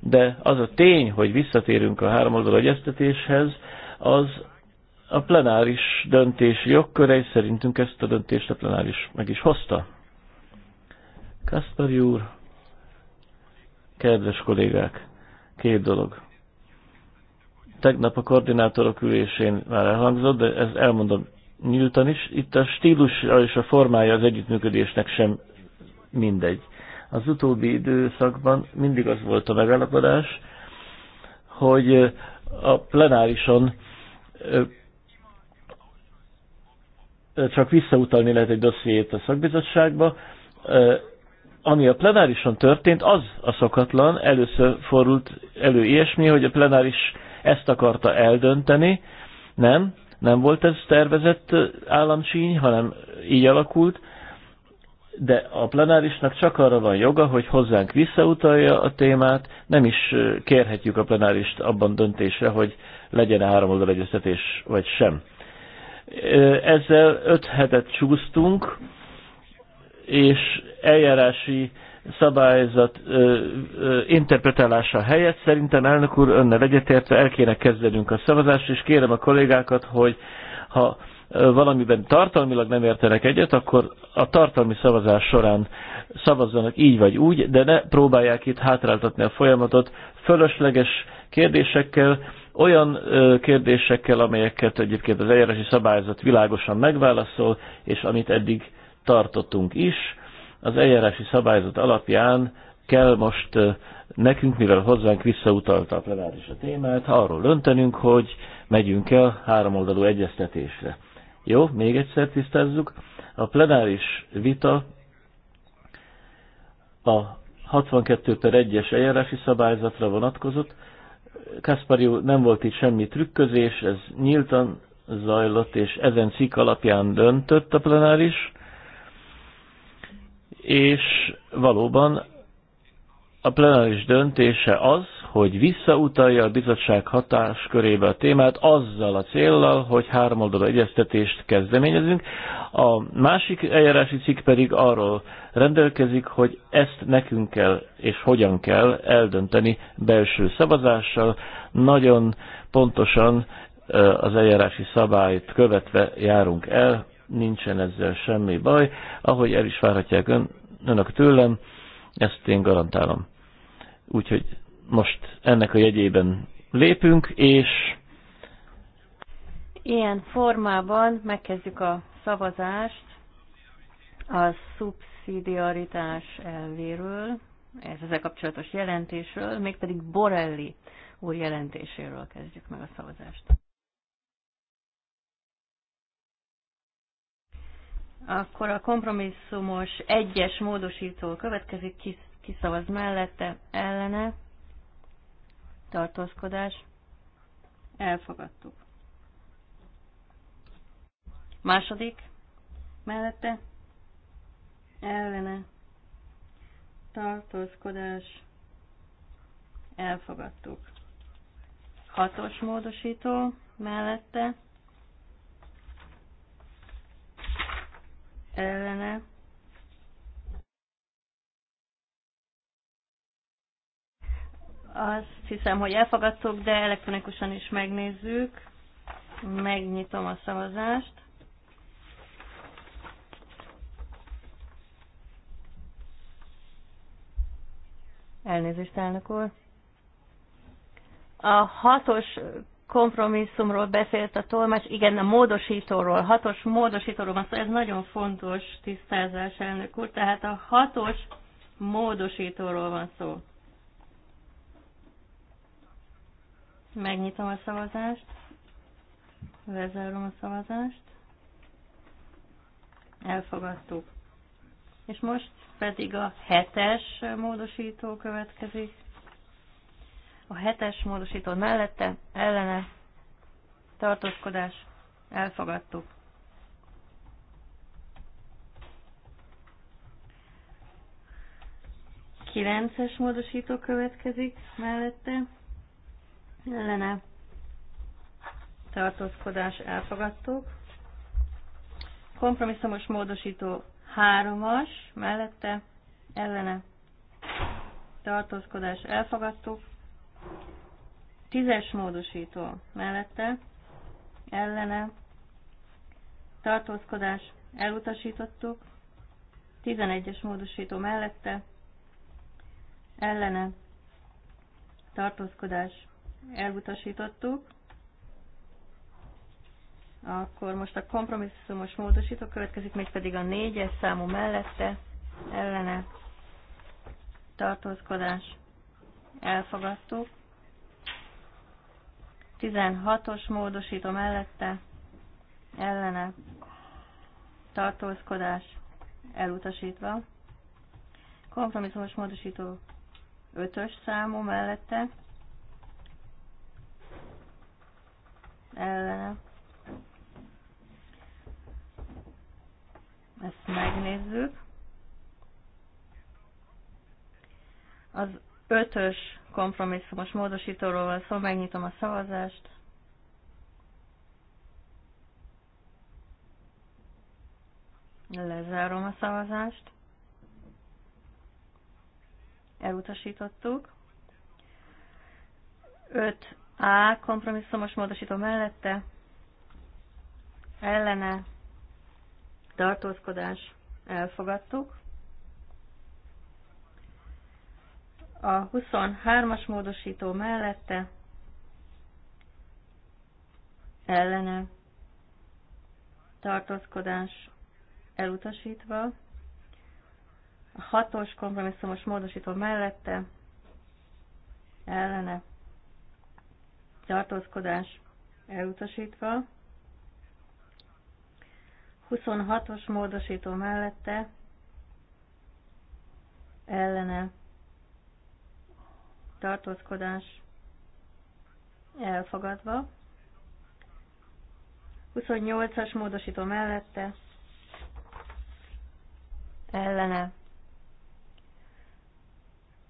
de az a tény, hogy visszatérünk a háromoldalú egyeztetéshez, az a plenáris döntés jogköre, és szerintünk ezt a döntést a plenáris meg is hozta. Kaspari úr, kedves kollégák, két dolog. Tegnap a koordinátorok ülésén már elhangzott, de ez elmondom nyíltan is. Itt a stílus és a formája az együttműködésnek sem mindegy. Az utóbbi időszakban mindig az volt a megállapodás, hogy a plenárison csak visszautalni lehet egy dossziét a szakbizottságba. Ami a plenárison történt, az a szokatlan. Először fordult elő ilyesmi, hogy a plenáris ezt akarta eldönteni, nem? Nem volt ez tervezett államcsíny, hanem így alakult, de a plenárisnak csak arra van joga, hogy hozzánk visszautalja a témát, nem is kérhetjük a plenárist abban döntésre, hogy legyen-e háromoldal egyeztetés vagy sem. Ezzel öt hetet csúsztunk, és eljárási szabályzat ö, ö, interpretálása helyett szerintem elnök úr önnel egyetértve el kéne kezdenünk a szavazást, és kérem a kollégákat, hogy ha valamiben tartalmilag nem értenek egyet, akkor a tartalmi szavazás során szavazzanak így vagy úgy, de ne próbálják itt hátráltatni a folyamatot fölösleges kérdésekkel, olyan kérdésekkel, amelyeket egyébként az eljárási szabályzat világosan megválaszol, és amit eddig tartottunk is az eljárási szabályzat alapján kell most nekünk, mivel hozzánk visszautalta a plenáris a témát, arról döntenünk, hogy megyünk el háromoldalú egyeztetésre. Jó, még egyszer tisztázzuk. A plenáris vita a 62 per 1-es eljárási szabályzatra vonatkozott. Kaspariu nem volt itt semmi trükközés, ez nyíltan zajlott, és ezen cikk alapján döntött a plenáris és valóban a plenáris döntése az, hogy visszautalja a bizottság hatáskörébe a témát azzal a céllal, hogy háromoldalú egyeztetést kezdeményezünk. A másik eljárási cikk pedig arról rendelkezik, hogy ezt nekünk kell és hogyan kell eldönteni belső szavazással, nagyon pontosan az eljárási szabályt követve járunk el, nincsen ezzel semmi baj. Ahogy el is várhatják ön, önök tőlem, ezt én garantálom. Úgyhogy most ennek a jegyében lépünk, és ilyen formában megkezdjük a szavazást a szubszidiaritás elvéről, ez ezzel kapcsolatos jelentésről, mégpedig Borelli úr jelentéséről kezdjük meg a szavazást. Akkor a kompromisszumos egyes módosító következik, kiszavaz mellette, ellene, tartózkodás, elfogadtuk. Második, mellette, ellene, tartózkodás, elfogadtuk. Hatos módosító mellette, ellene. Azt hiszem, hogy elfogadtuk, de elektronikusan is megnézzük. Megnyitom a szavazást. Elnézést, elnök úr. A hatos kompromisszumról beszélt a tolmács, igen, a módosítóról, hatos módosítóról van szó, szóval ez nagyon fontos tisztázás, elnök úr, tehát a hatos módosítóról van szó. Megnyitom a szavazást, lezárom a szavazást, elfogadtuk. És most pedig a hetes módosító következik. A hetes módosító mellette ellene tartózkodás elfogadtuk. Kilences módosító következik mellette ellene tartózkodás elfogadtuk. Kompromisszumos módosító hármas mellette ellene tartózkodás elfogadtuk. Tízes módosító mellette ellene tartózkodás elutasítottuk. Tizenegyes módosító mellette ellene tartózkodás elutasítottuk. Akkor most a kompromisszumos módosító következik, még pedig a négyes számú mellette ellene tartózkodás elfogadtuk. 16-os módosító mellette ellene tartózkodás elutasítva. Kompromisszumos módosító 5-ös számú mellette ellene. Ezt megnézzük. Az 5 5-ös kompromisszumos módosítóról van szó, szóval megnyitom a szavazást. Lezárom a szavazást. Elutasítottuk. 5A kompromisszumos módosító mellette ellene tartózkodás elfogadtuk. a 23-as módosító mellette ellene tartózkodás elutasítva, a 6-os kompromisszumos módosító mellette ellene tartózkodás elutasítva, 26-os módosító mellette ellene tartózkodás elfogadva. 28-as módosító mellette ellene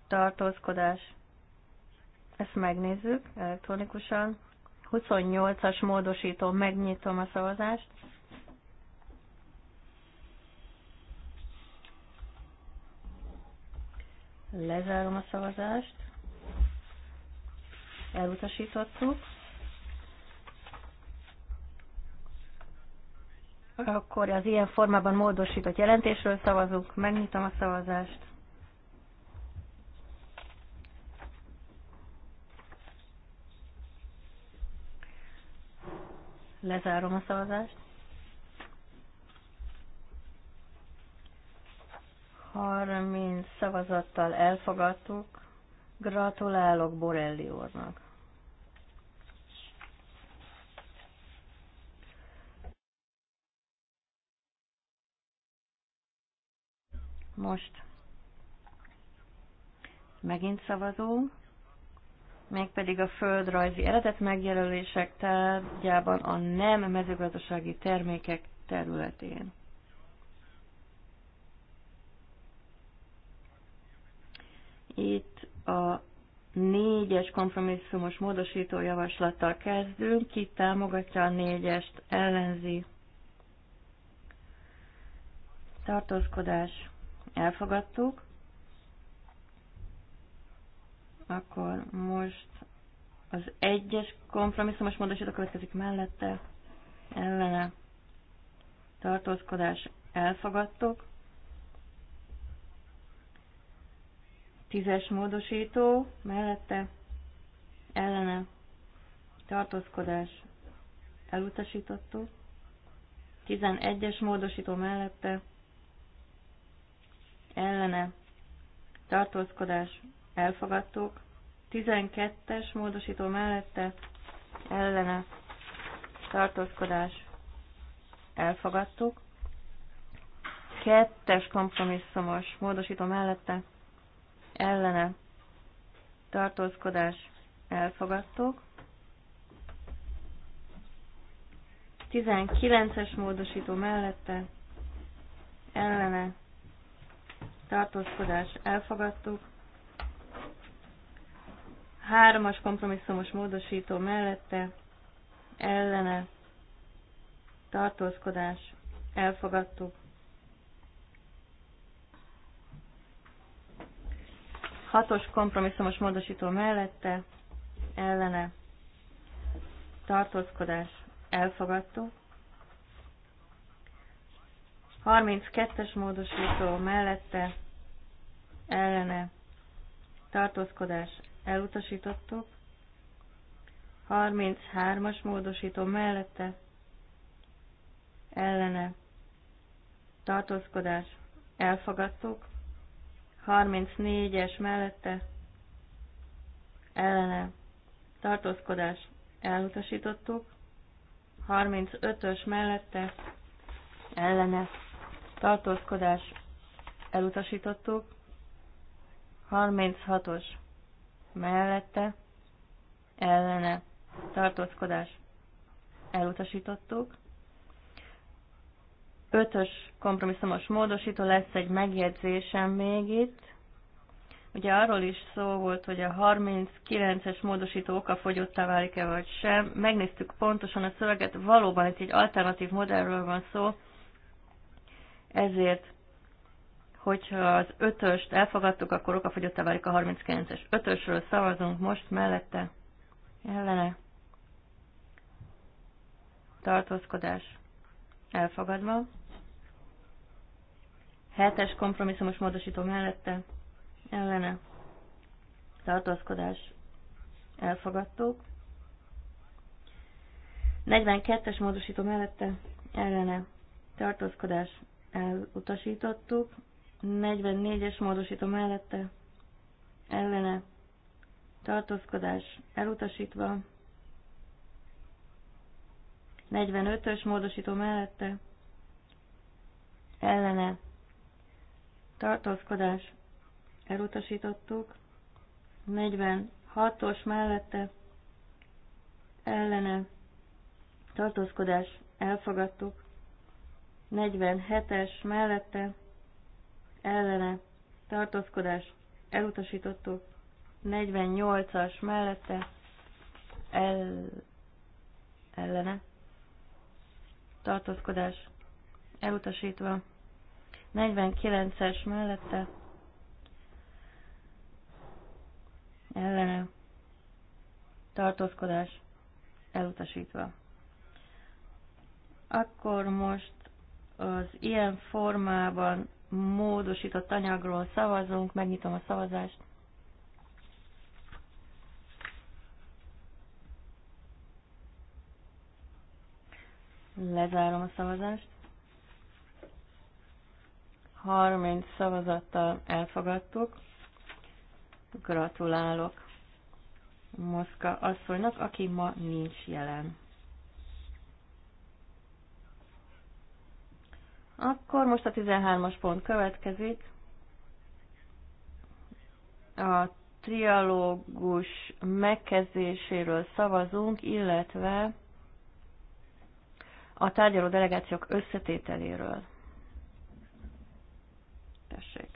tartózkodás. Ezt megnézzük elektronikusan. 28-as módosító, megnyitom a szavazást. Lezárom a szavazást elutasítottuk. Akkor az ilyen formában módosított jelentésről szavazunk. Megnyitom a szavazást. Lezárom a szavazást. 30 szavazattal elfogadtuk, Gratulálok Borelli úrnak. Most megint szavazunk, mégpedig a földrajzi eredet megjelölések tárgyában a nem mezőgazdasági termékek területén. Itt a négyes kompromisszumos módosító javaslattal kezdünk. Ki támogatja a négyest, ellenzi. Tartózkodás. Elfogadtuk. Akkor most az egyes kompromisszumos módosító következik mellette, ellene. Tartózkodás. Elfogadtuk. Tízes módosító mellette ellene tartózkodás elutasítottuk. tizenegyes módosító mellette ellene tartózkodás elfogadtuk. tizenkettes módosító mellette ellene tartózkodás elfogadtuk. Kettes kompromisszumos módosító mellette ellene tartózkodás elfogadtuk. 19-es módosító mellette ellene tartózkodás elfogadtuk. 3-as kompromisszumos módosító mellette ellene tartózkodás elfogadtuk. Hatos kompromisszumos módosító mellette ellene tartózkodás elfogadtuk. 32-es módosító mellette ellene tartózkodás elutasítottuk. 33-as módosító mellette ellene tartózkodás elfogadtuk. 34-es mellette ellene tartózkodást elutasítottuk, 35-ös mellette ellene tartózkodást elutasítottuk, 36-os mellette ellene tartózkodást elutasítottuk, ötös kompromisszumos módosító, lesz egy megjegyzésem még itt. Ugye arról is szó volt, hogy a 39-es módosító fogyottá válik-e vagy sem. Megnéztük pontosan a szöveget, valóban itt egy alternatív modellről van szó, ezért hogyha az ötöst elfogadtuk, akkor fogyottá válik a 39-es. Ötösről szavazunk most mellette. Ellene. Tartózkodás. Elfogadva. Hetes kompromisszumos módosító mellette ellene tartózkodás elfogadtuk. 42-es módosító mellette ellene tartózkodás elutasítottuk. 44-es módosító mellette ellene tartózkodás elutasítva. 45-ös módosító mellette ellene tartózkodás elutasítottuk, 46-os mellette ellene tartózkodás elfogadtuk, 47-es mellette ellene tartózkodás elutasítottuk, 48-as mellette el, ellene tartózkodás elutasítva, 49-es mellette ellene tartózkodás elutasítva. Akkor most az ilyen formában módosított anyagról szavazunk, megnyitom a szavazást. Lezárom a szavazást. 30 szavazattal elfogadtuk. Gratulálok Moszka asszonynak, aki ma nincs jelen. Akkor most a 13-as pont következik. A trialógus megkezdéséről szavazunk, illetve a tárgyaló delegációk összetételéről. Tessék.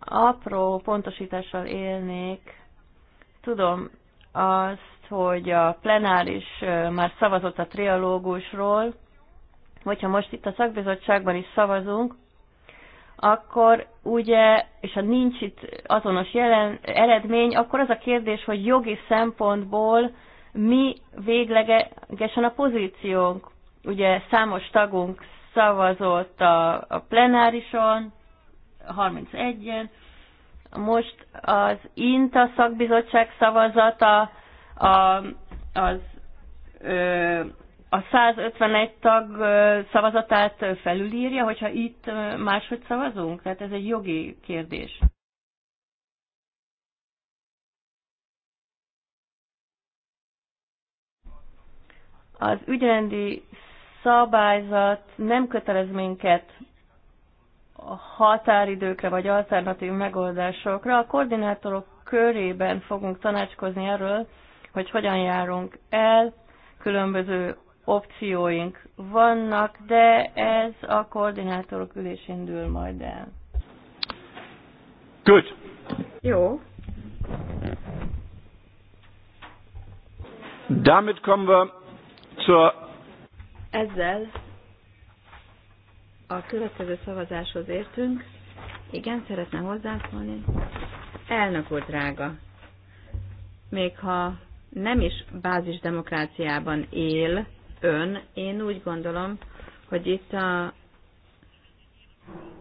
Apró pontosítással élnék. Tudom azt, hogy a plenáris már szavazott a trialógusról, hogyha most itt a szakbizottságban is szavazunk, akkor ugye, és ha nincs itt azonos jelen, eredmény, akkor az a kérdés, hogy jogi szempontból mi véglegesen a pozíciónk. Ugye számos tagunk szavazott a, a plenárison, 31-en. Most az INTA szakbizottság szavazata a, az, ö, a 151 tag szavazatát felülírja, hogyha itt máshogy szavazunk? Tehát ez egy jogi kérdés. Az ügyrendi szabályzat nem kötelez minket a határidőkre vagy alternatív megoldásokra. A koordinátorok körében fogunk tanácskozni erről, hogy hogyan járunk el, különböző opcióink vannak, de ez a koordinátorok ülésén dől majd el. Good. Jó. Damit kommen wir zur ezzel a következő szavazáshoz értünk. Igen, szeretne hozzászólni. Elnök úr, drága, még ha nem is bázisdemokráciában él ön, én úgy gondolom, hogy itt a,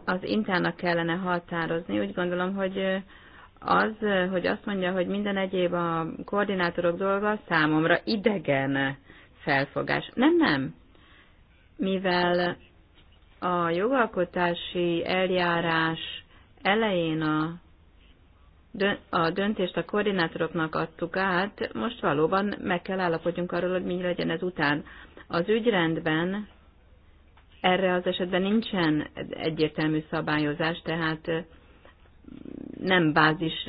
az intának kellene határozni. Úgy gondolom, hogy az, hogy azt mondja, hogy minden egyéb a koordinátorok dolga számomra idegen felfogás. Nem, nem mivel a jogalkotási eljárás elején a, a döntést a koordinátoroknak adtuk át, most valóban meg kell állapodjunk arról, hogy mi legyen ez után. Az ügyrendben erre az esetben nincsen egyértelmű szabályozás, tehát nem bázis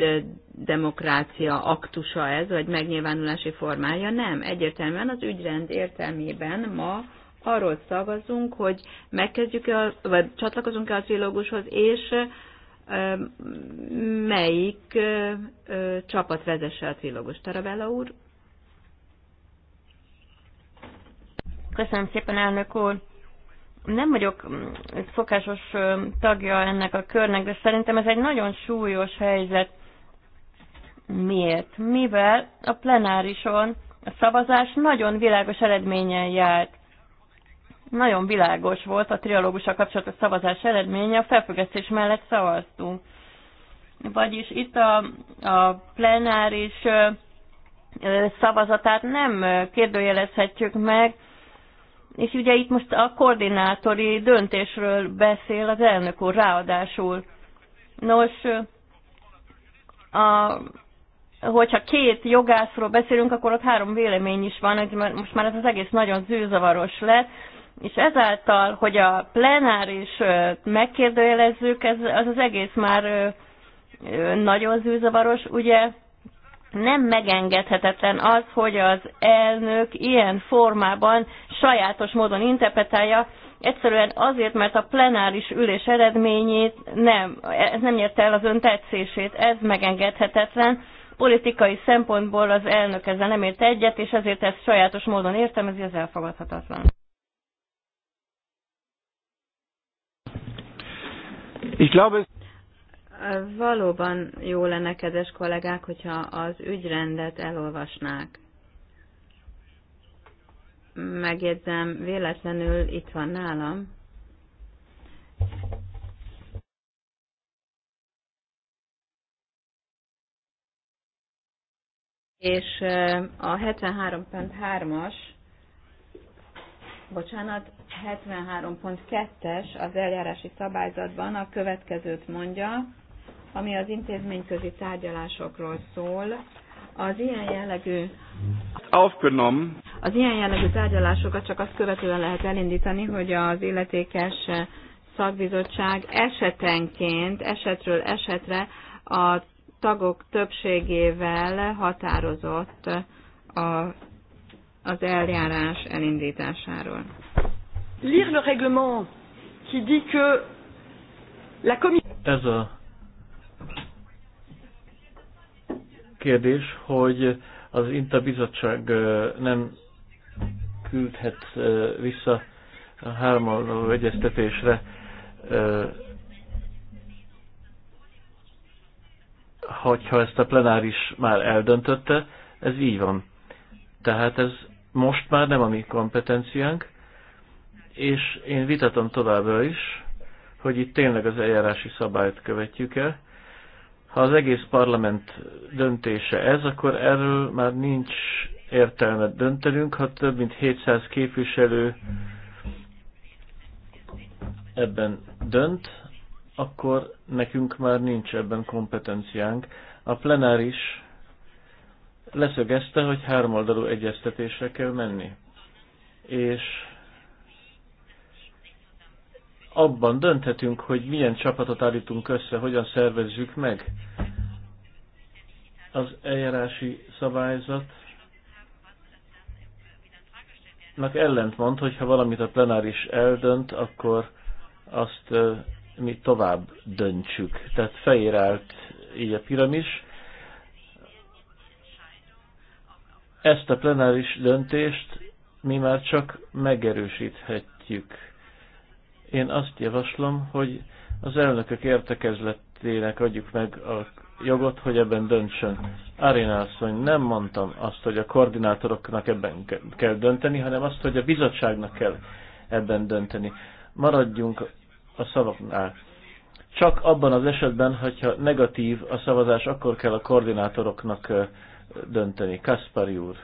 demokrácia aktusa ez, vagy megnyilvánulási formája, nem. Egyértelműen az ügyrend értelmében ma arról szavazunk, hogy megkezdjük-e, vagy csatlakozunk-e a trilógushoz, és melyik csapat vezesse a trilógus. Tarabella úr? Köszönöm szépen, elnök úr. Nem vagyok mm, szokásos tagja ennek a körnek, de szerintem ez egy nagyon súlyos helyzet. Miért? Mivel a plenárison a szavazás nagyon világos eredménnyel járt nagyon világos volt a trialógussal kapcsolatos szavazás eredménye, a felfüggesztés mellett szavaztunk. Vagyis itt a, a plenáris szavazatát nem kérdőjelezhetjük meg, és ugye itt most a koordinátori döntésről beszél az elnök úr ráadásul. Nos, a, hogyha két jogászról beszélünk, akkor ott három vélemény is van, most már ez az egész nagyon zűzavaros lett, és ezáltal, hogy a plenáris megkérdőjelezzük, ez, az az egész már nagyon zűzavaros, ugye nem megengedhetetlen az, hogy az elnök ilyen formában sajátos módon interpretálja, egyszerűen azért, mert a plenáris ülés eredményét nem, ez nem nyerte el az ön tetszését, ez megengedhetetlen. Politikai szempontból az elnök ezzel nem ért egyet, és ezért ezt sajátos módon értelmezi, ez elfogadhatatlan. Ich glaube, Valóban jó lenne, kedves kollégák, hogyha az ügyrendet elolvasnák. Megjegyzem, véletlenül itt van nálam. És eh, a 73.3-as, bocsánat, 73.2-es az eljárási szabályzatban a következőt mondja, ami az intézményközi tárgyalásokról szól. Az ilyen jellegű Aufgenommen. Az ilyen jellegű tárgyalásokat csak azt követően lehet elindítani, hogy az illetékes szakbizottság esetenként, esetről esetre a tagok többségével határozott a, az eljárás elindításáról lire le règlement qui dit que la commission... Ez a kérdés, hogy az INTA bizottság nem küldhet vissza a hármaló egyeztetésre hogyha ezt a plenáris már eldöntötte, ez így van. Tehát ez most már nem a mi kompetenciánk, és én vitatom továbbra is, hogy itt tényleg az eljárási szabályt követjük el. Ha az egész parlament döntése ez, akkor erről már nincs értelme döntenünk, ha több mint 700 képviselő ebben dönt, akkor nekünk már nincs ebben kompetenciánk. A plenáris leszögezte, hogy háromoldalú egyeztetésre kell menni. És abban dönthetünk, hogy milyen csapatot állítunk össze, hogyan szervezzük meg. Az eljárási ellent ellentmond, hogy ha valamit a plenáris eldönt, akkor azt mi tovább döntsük. Tehát fejére állt így a piramis. Ezt a plenáris döntést mi már csak megerősíthetjük én azt javaslom, hogy az elnökök értekezletének adjuk meg a jogot, hogy ebben döntsön. Arina asszony, nem mondtam azt, hogy a koordinátoroknak ebben kell dönteni, hanem azt, hogy a bizottságnak kell ebben dönteni. Maradjunk a szavaknál. Csak abban az esetben, hogyha negatív a szavazás, akkor kell a koordinátoroknak dönteni. Kaspari úr.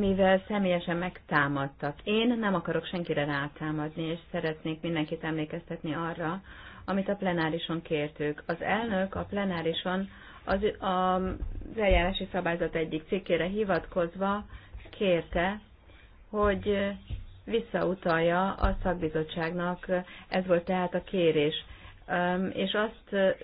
mivel személyesen megtámadtak. Én nem akarok senkire rátámadni, és szeretnék mindenkit emlékeztetni arra, amit a plenárison kértük. Az elnök a plenárison az, az eljárási szabályzat egyik cikkére hivatkozva kérte, hogy visszautalja a szakbizottságnak, ez volt tehát a kérés. És azt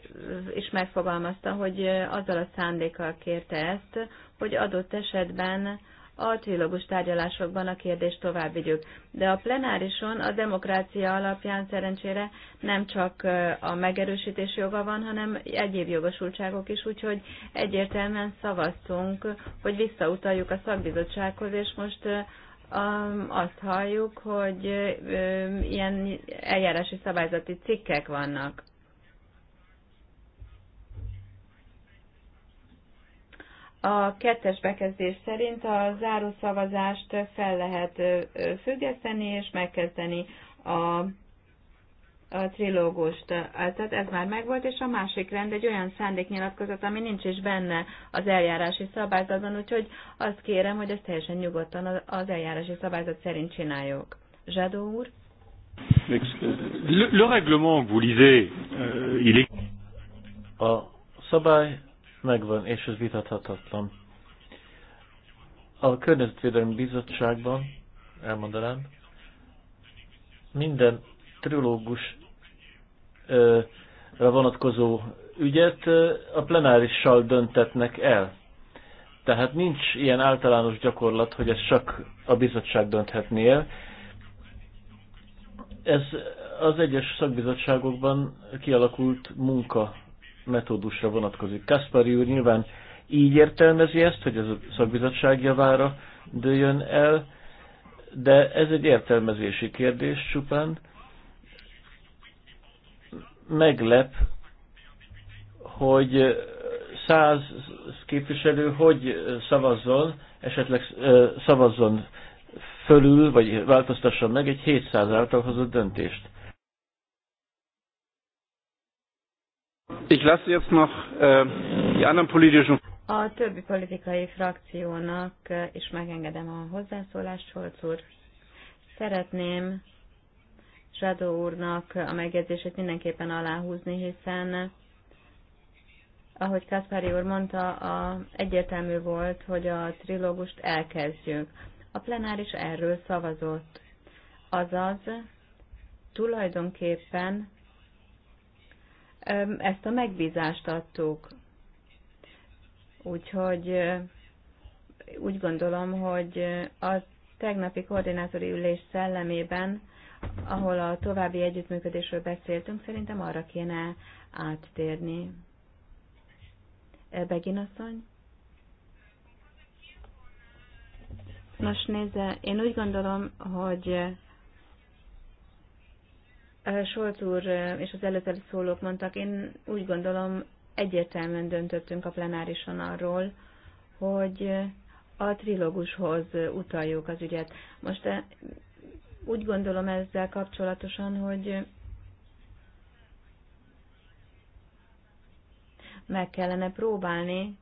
is megfogalmazta, hogy azzal a szándékkal kérte ezt, hogy adott esetben a trilógus tárgyalásokban a kérdést tovább vigyük. De a plenárison a demokrácia alapján szerencsére nem csak a megerősítés joga van, hanem egyéb jogosultságok is, úgyhogy egyértelműen szavaztunk, hogy visszautaljuk a szakbizottsághoz, és most azt halljuk, hogy ilyen eljárási szabályzati cikkek vannak. A kettes bekezdés szerint a zárószavazást fel lehet függeszteni és megkezdeni a, a trilógust. Tehát ez már megvolt, és a másik rend egy olyan szándéknyilatkozat, ami nincs is benne az eljárási szabályzatban, úgyhogy azt kérem, hogy ezt teljesen nyugodtan az eljárási szabályzat szerint csináljuk. Zsadó úr? Le, le règlement, vous lisez, euh, il est... A szabály megvan, és ez vitathatatlan. A Környezetvédelmi Bizottságban, elmondanám, minden trilógusra vonatkozó ügyet a plenárissal döntetnek el. Tehát nincs ilyen általános gyakorlat, hogy ez csak a bizottság dönthetné el. Ez az egyes szakbizottságokban kialakult munka metódusra vonatkozik. Kaspari úr nyilván így értelmezi ezt, hogy ez a szakbizottság javára dőjön el, de ez egy értelmezési kérdés csupán. Meglep, hogy száz képviselő hogy szavazzon, esetleg szavazzon fölül, vagy változtassa meg egy 700 által hozott döntést. Ich lasse jetzt noch äh, die anderen politischen a többi politikai frakciónak eh, is megengedem a hozzászólást, Holc úr. Szeretném Zsadó úrnak a megjegyzését mindenképpen aláhúzni, hiszen ahogy Kaspari úr mondta, a, egyértelmű volt, hogy a trilógust elkezdjük. A plenáris erről szavazott. Azaz, tulajdonképpen ezt a megbízást adtuk. Úgyhogy úgy gondolom, hogy a tegnapi koordinátori ülés szellemében, ahol a további együttműködésről beszéltünk, szerintem arra kéne áttérni. Begin asszony? Nos, nézze, én úgy gondolom, hogy Solc úr és az előző szólók mondtak, én úgy gondolom egyértelműen döntöttünk a plenárison arról, hogy a trilógushoz utaljuk az ügyet. Most úgy gondolom ezzel kapcsolatosan, hogy meg kellene próbálni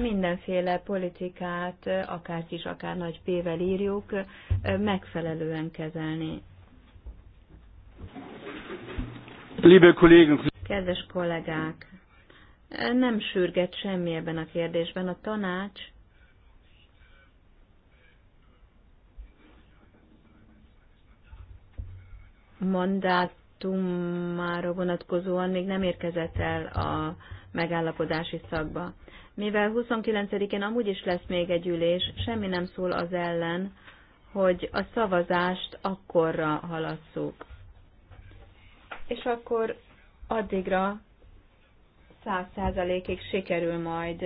mindenféle politikát, akár kis, akár nagy P-vel írjuk, megfelelően kezelni. Liebe Kollegen. Kedves kollégák, nem sürget semmi ebben a kérdésben. A tanács mandátumára vonatkozóan még nem érkezett el a megállapodási szakba. Mivel 29-én amúgy is lesz még egy ülés, semmi nem szól az ellen, hogy a szavazást akkorra halasszuk. És akkor addigra száz százalékig sikerül majd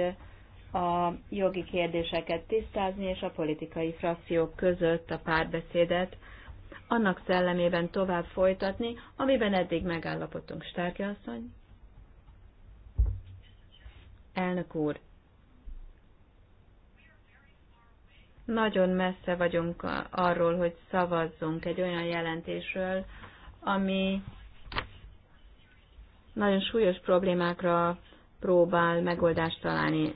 a jogi kérdéseket tisztázni, és a politikai frakciók között a párbeszédet annak szellemében tovább folytatni, amiben eddig megállapodtunk. Stárki asszony? Elnök úr, nagyon messze vagyunk arról, hogy szavazzunk egy olyan jelentésről, ami nagyon súlyos problémákra próbál megoldást találni.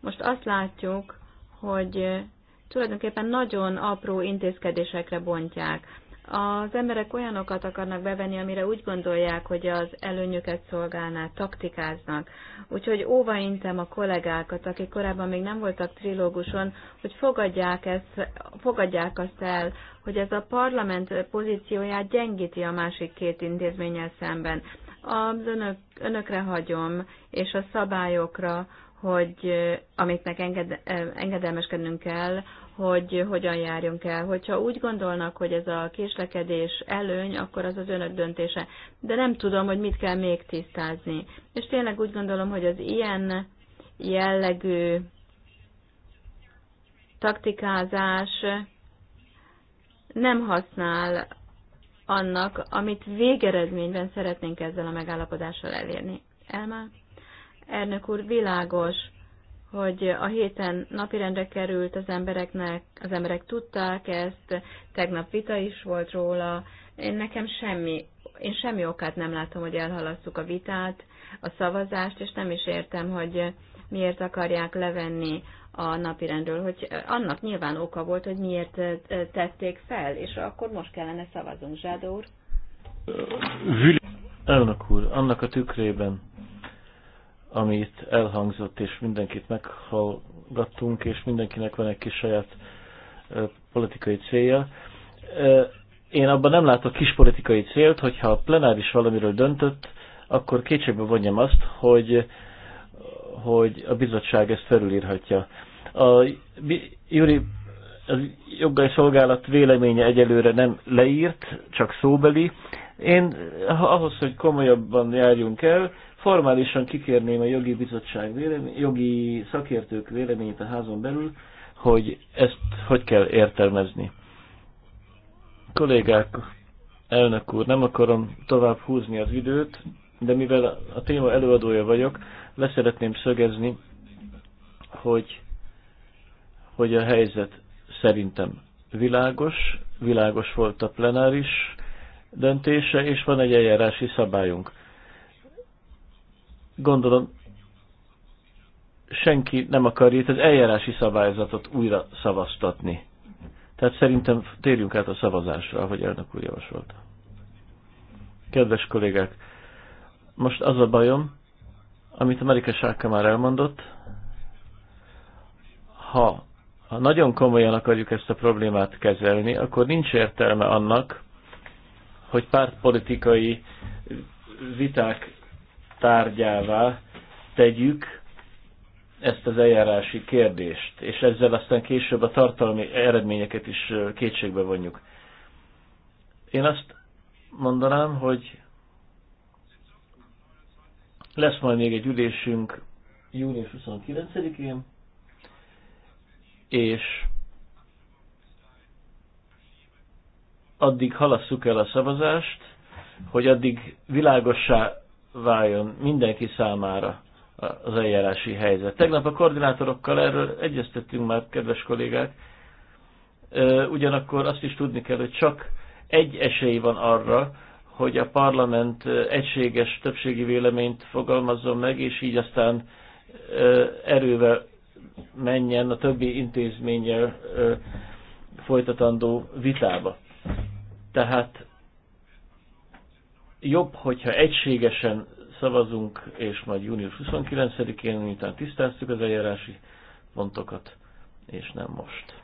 Most azt látjuk, hogy tulajdonképpen nagyon apró intézkedésekre bontják az emberek olyanokat akarnak bevenni, amire úgy gondolják, hogy az előnyöket szolgálná, taktikáznak. Úgyhogy óva intem a kollégákat, akik korábban még nem voltak trilóguson, hogy fogadják, ezt, fogadják azt el, hogy ez a parlament pozícióját gyengíti a másik két intézménnyel szemben. Az önök, önökre hagyom, és a szabályokra, hogy eh, amiknek enged, eh, engedelmeskednünk kell, hogy hogyan járjunk el. Hogyha úgy gondolnak, hogy ez a késlekedés előny, akkor az az önök döntése. De nem tudom, hogy mit kell még tisztázni. És tényleg úgy gondolom, hogy az ilyen jellegű taktikázás nem használ annak, amit végeredményben szeretnénk ezzel a megállapodással elérni. Elmá, Ernök úr, világos hogy a héten napirendre került az embereknek, az emberek tudták ezt, tegnap vita is volt róla. Én nekem semmi, én semmi okát nem látom, hogy elhalasszuk a vitát, a szavazást, és nem is értem, hogy miért akarják levenni a napirendről, hogy annak nyilván oka volt, hogy miért tették fel, és akkor most kellene szavazunk, Zsádó úr. Elnök úr, annak a tükrében, ami itt elhangzott, és mindenkit meghallgattunk, és mindenkinek van egy kis saját politikai célja. Én abban nem látok kis politikai célt, hogyha a plenáris valamiről döntött, akkor kétségbe vonjam azt, hogy, hogy a bizottság ezt felülírhatja. A Júri a jogai szolgálat véleménye egyelőre nem leírt, csak szóbeli, én ahhoz, hogy komolyabban járjunk el, formálisan kikérném a jogi bizottság vélemény, jogi szakértők véleményét a házon belül, hogy ezt hogy kell értelmezni. Kollégák, elnök úr, nem akarom tovább húzni az időt, de mivel a téma előadója vagyok, leszeretném szögezni, hogy, hogy a helyzet szerintem világos, világos volt a plenáris döntése, és van egy eljárási szabályunk. Gondolom, senki nem akarja itt az eljárási szabályzatot újra szavaztatni. Tehát szerintem térjünk át a szavazásra, ahogy elnök úr javasolta. Kedves kollégák, most az a bajom, amit Amerika Sárka már elmondott, ha, ha nagyon komolyan akarjuk ezt a problémát kezelni, akkor nincs értelme annak, hogy pártpolitikai viták tárgyává tegyük ezt az eljárási kérdést, és ezzel aztán később a tartalmi eredményeket is kétségbe vonjuk. Én azt mondanám, hogy lesz majd még egy ülésünk június 29-én, és addig halasszuk el a szavazást, hogy addig világossá váljon mindenki számára az eljárási helyzet. Tegnap a koordinátorokkal erről egyeztettünk már, kedves kollégák, ugyanakkor azt is tudni kell, hogy csak egy esély van arra, hogy a parlament egységes többségi véleményt fogalmazzon meg, és így aztán erővel menjen a többi intézménnyel folytatandó vitába. Tehát jobb, hogyha egységesen szavazunk, és majd június 29-én, miután tisztáztuk az eljárási pontokat, és nem most.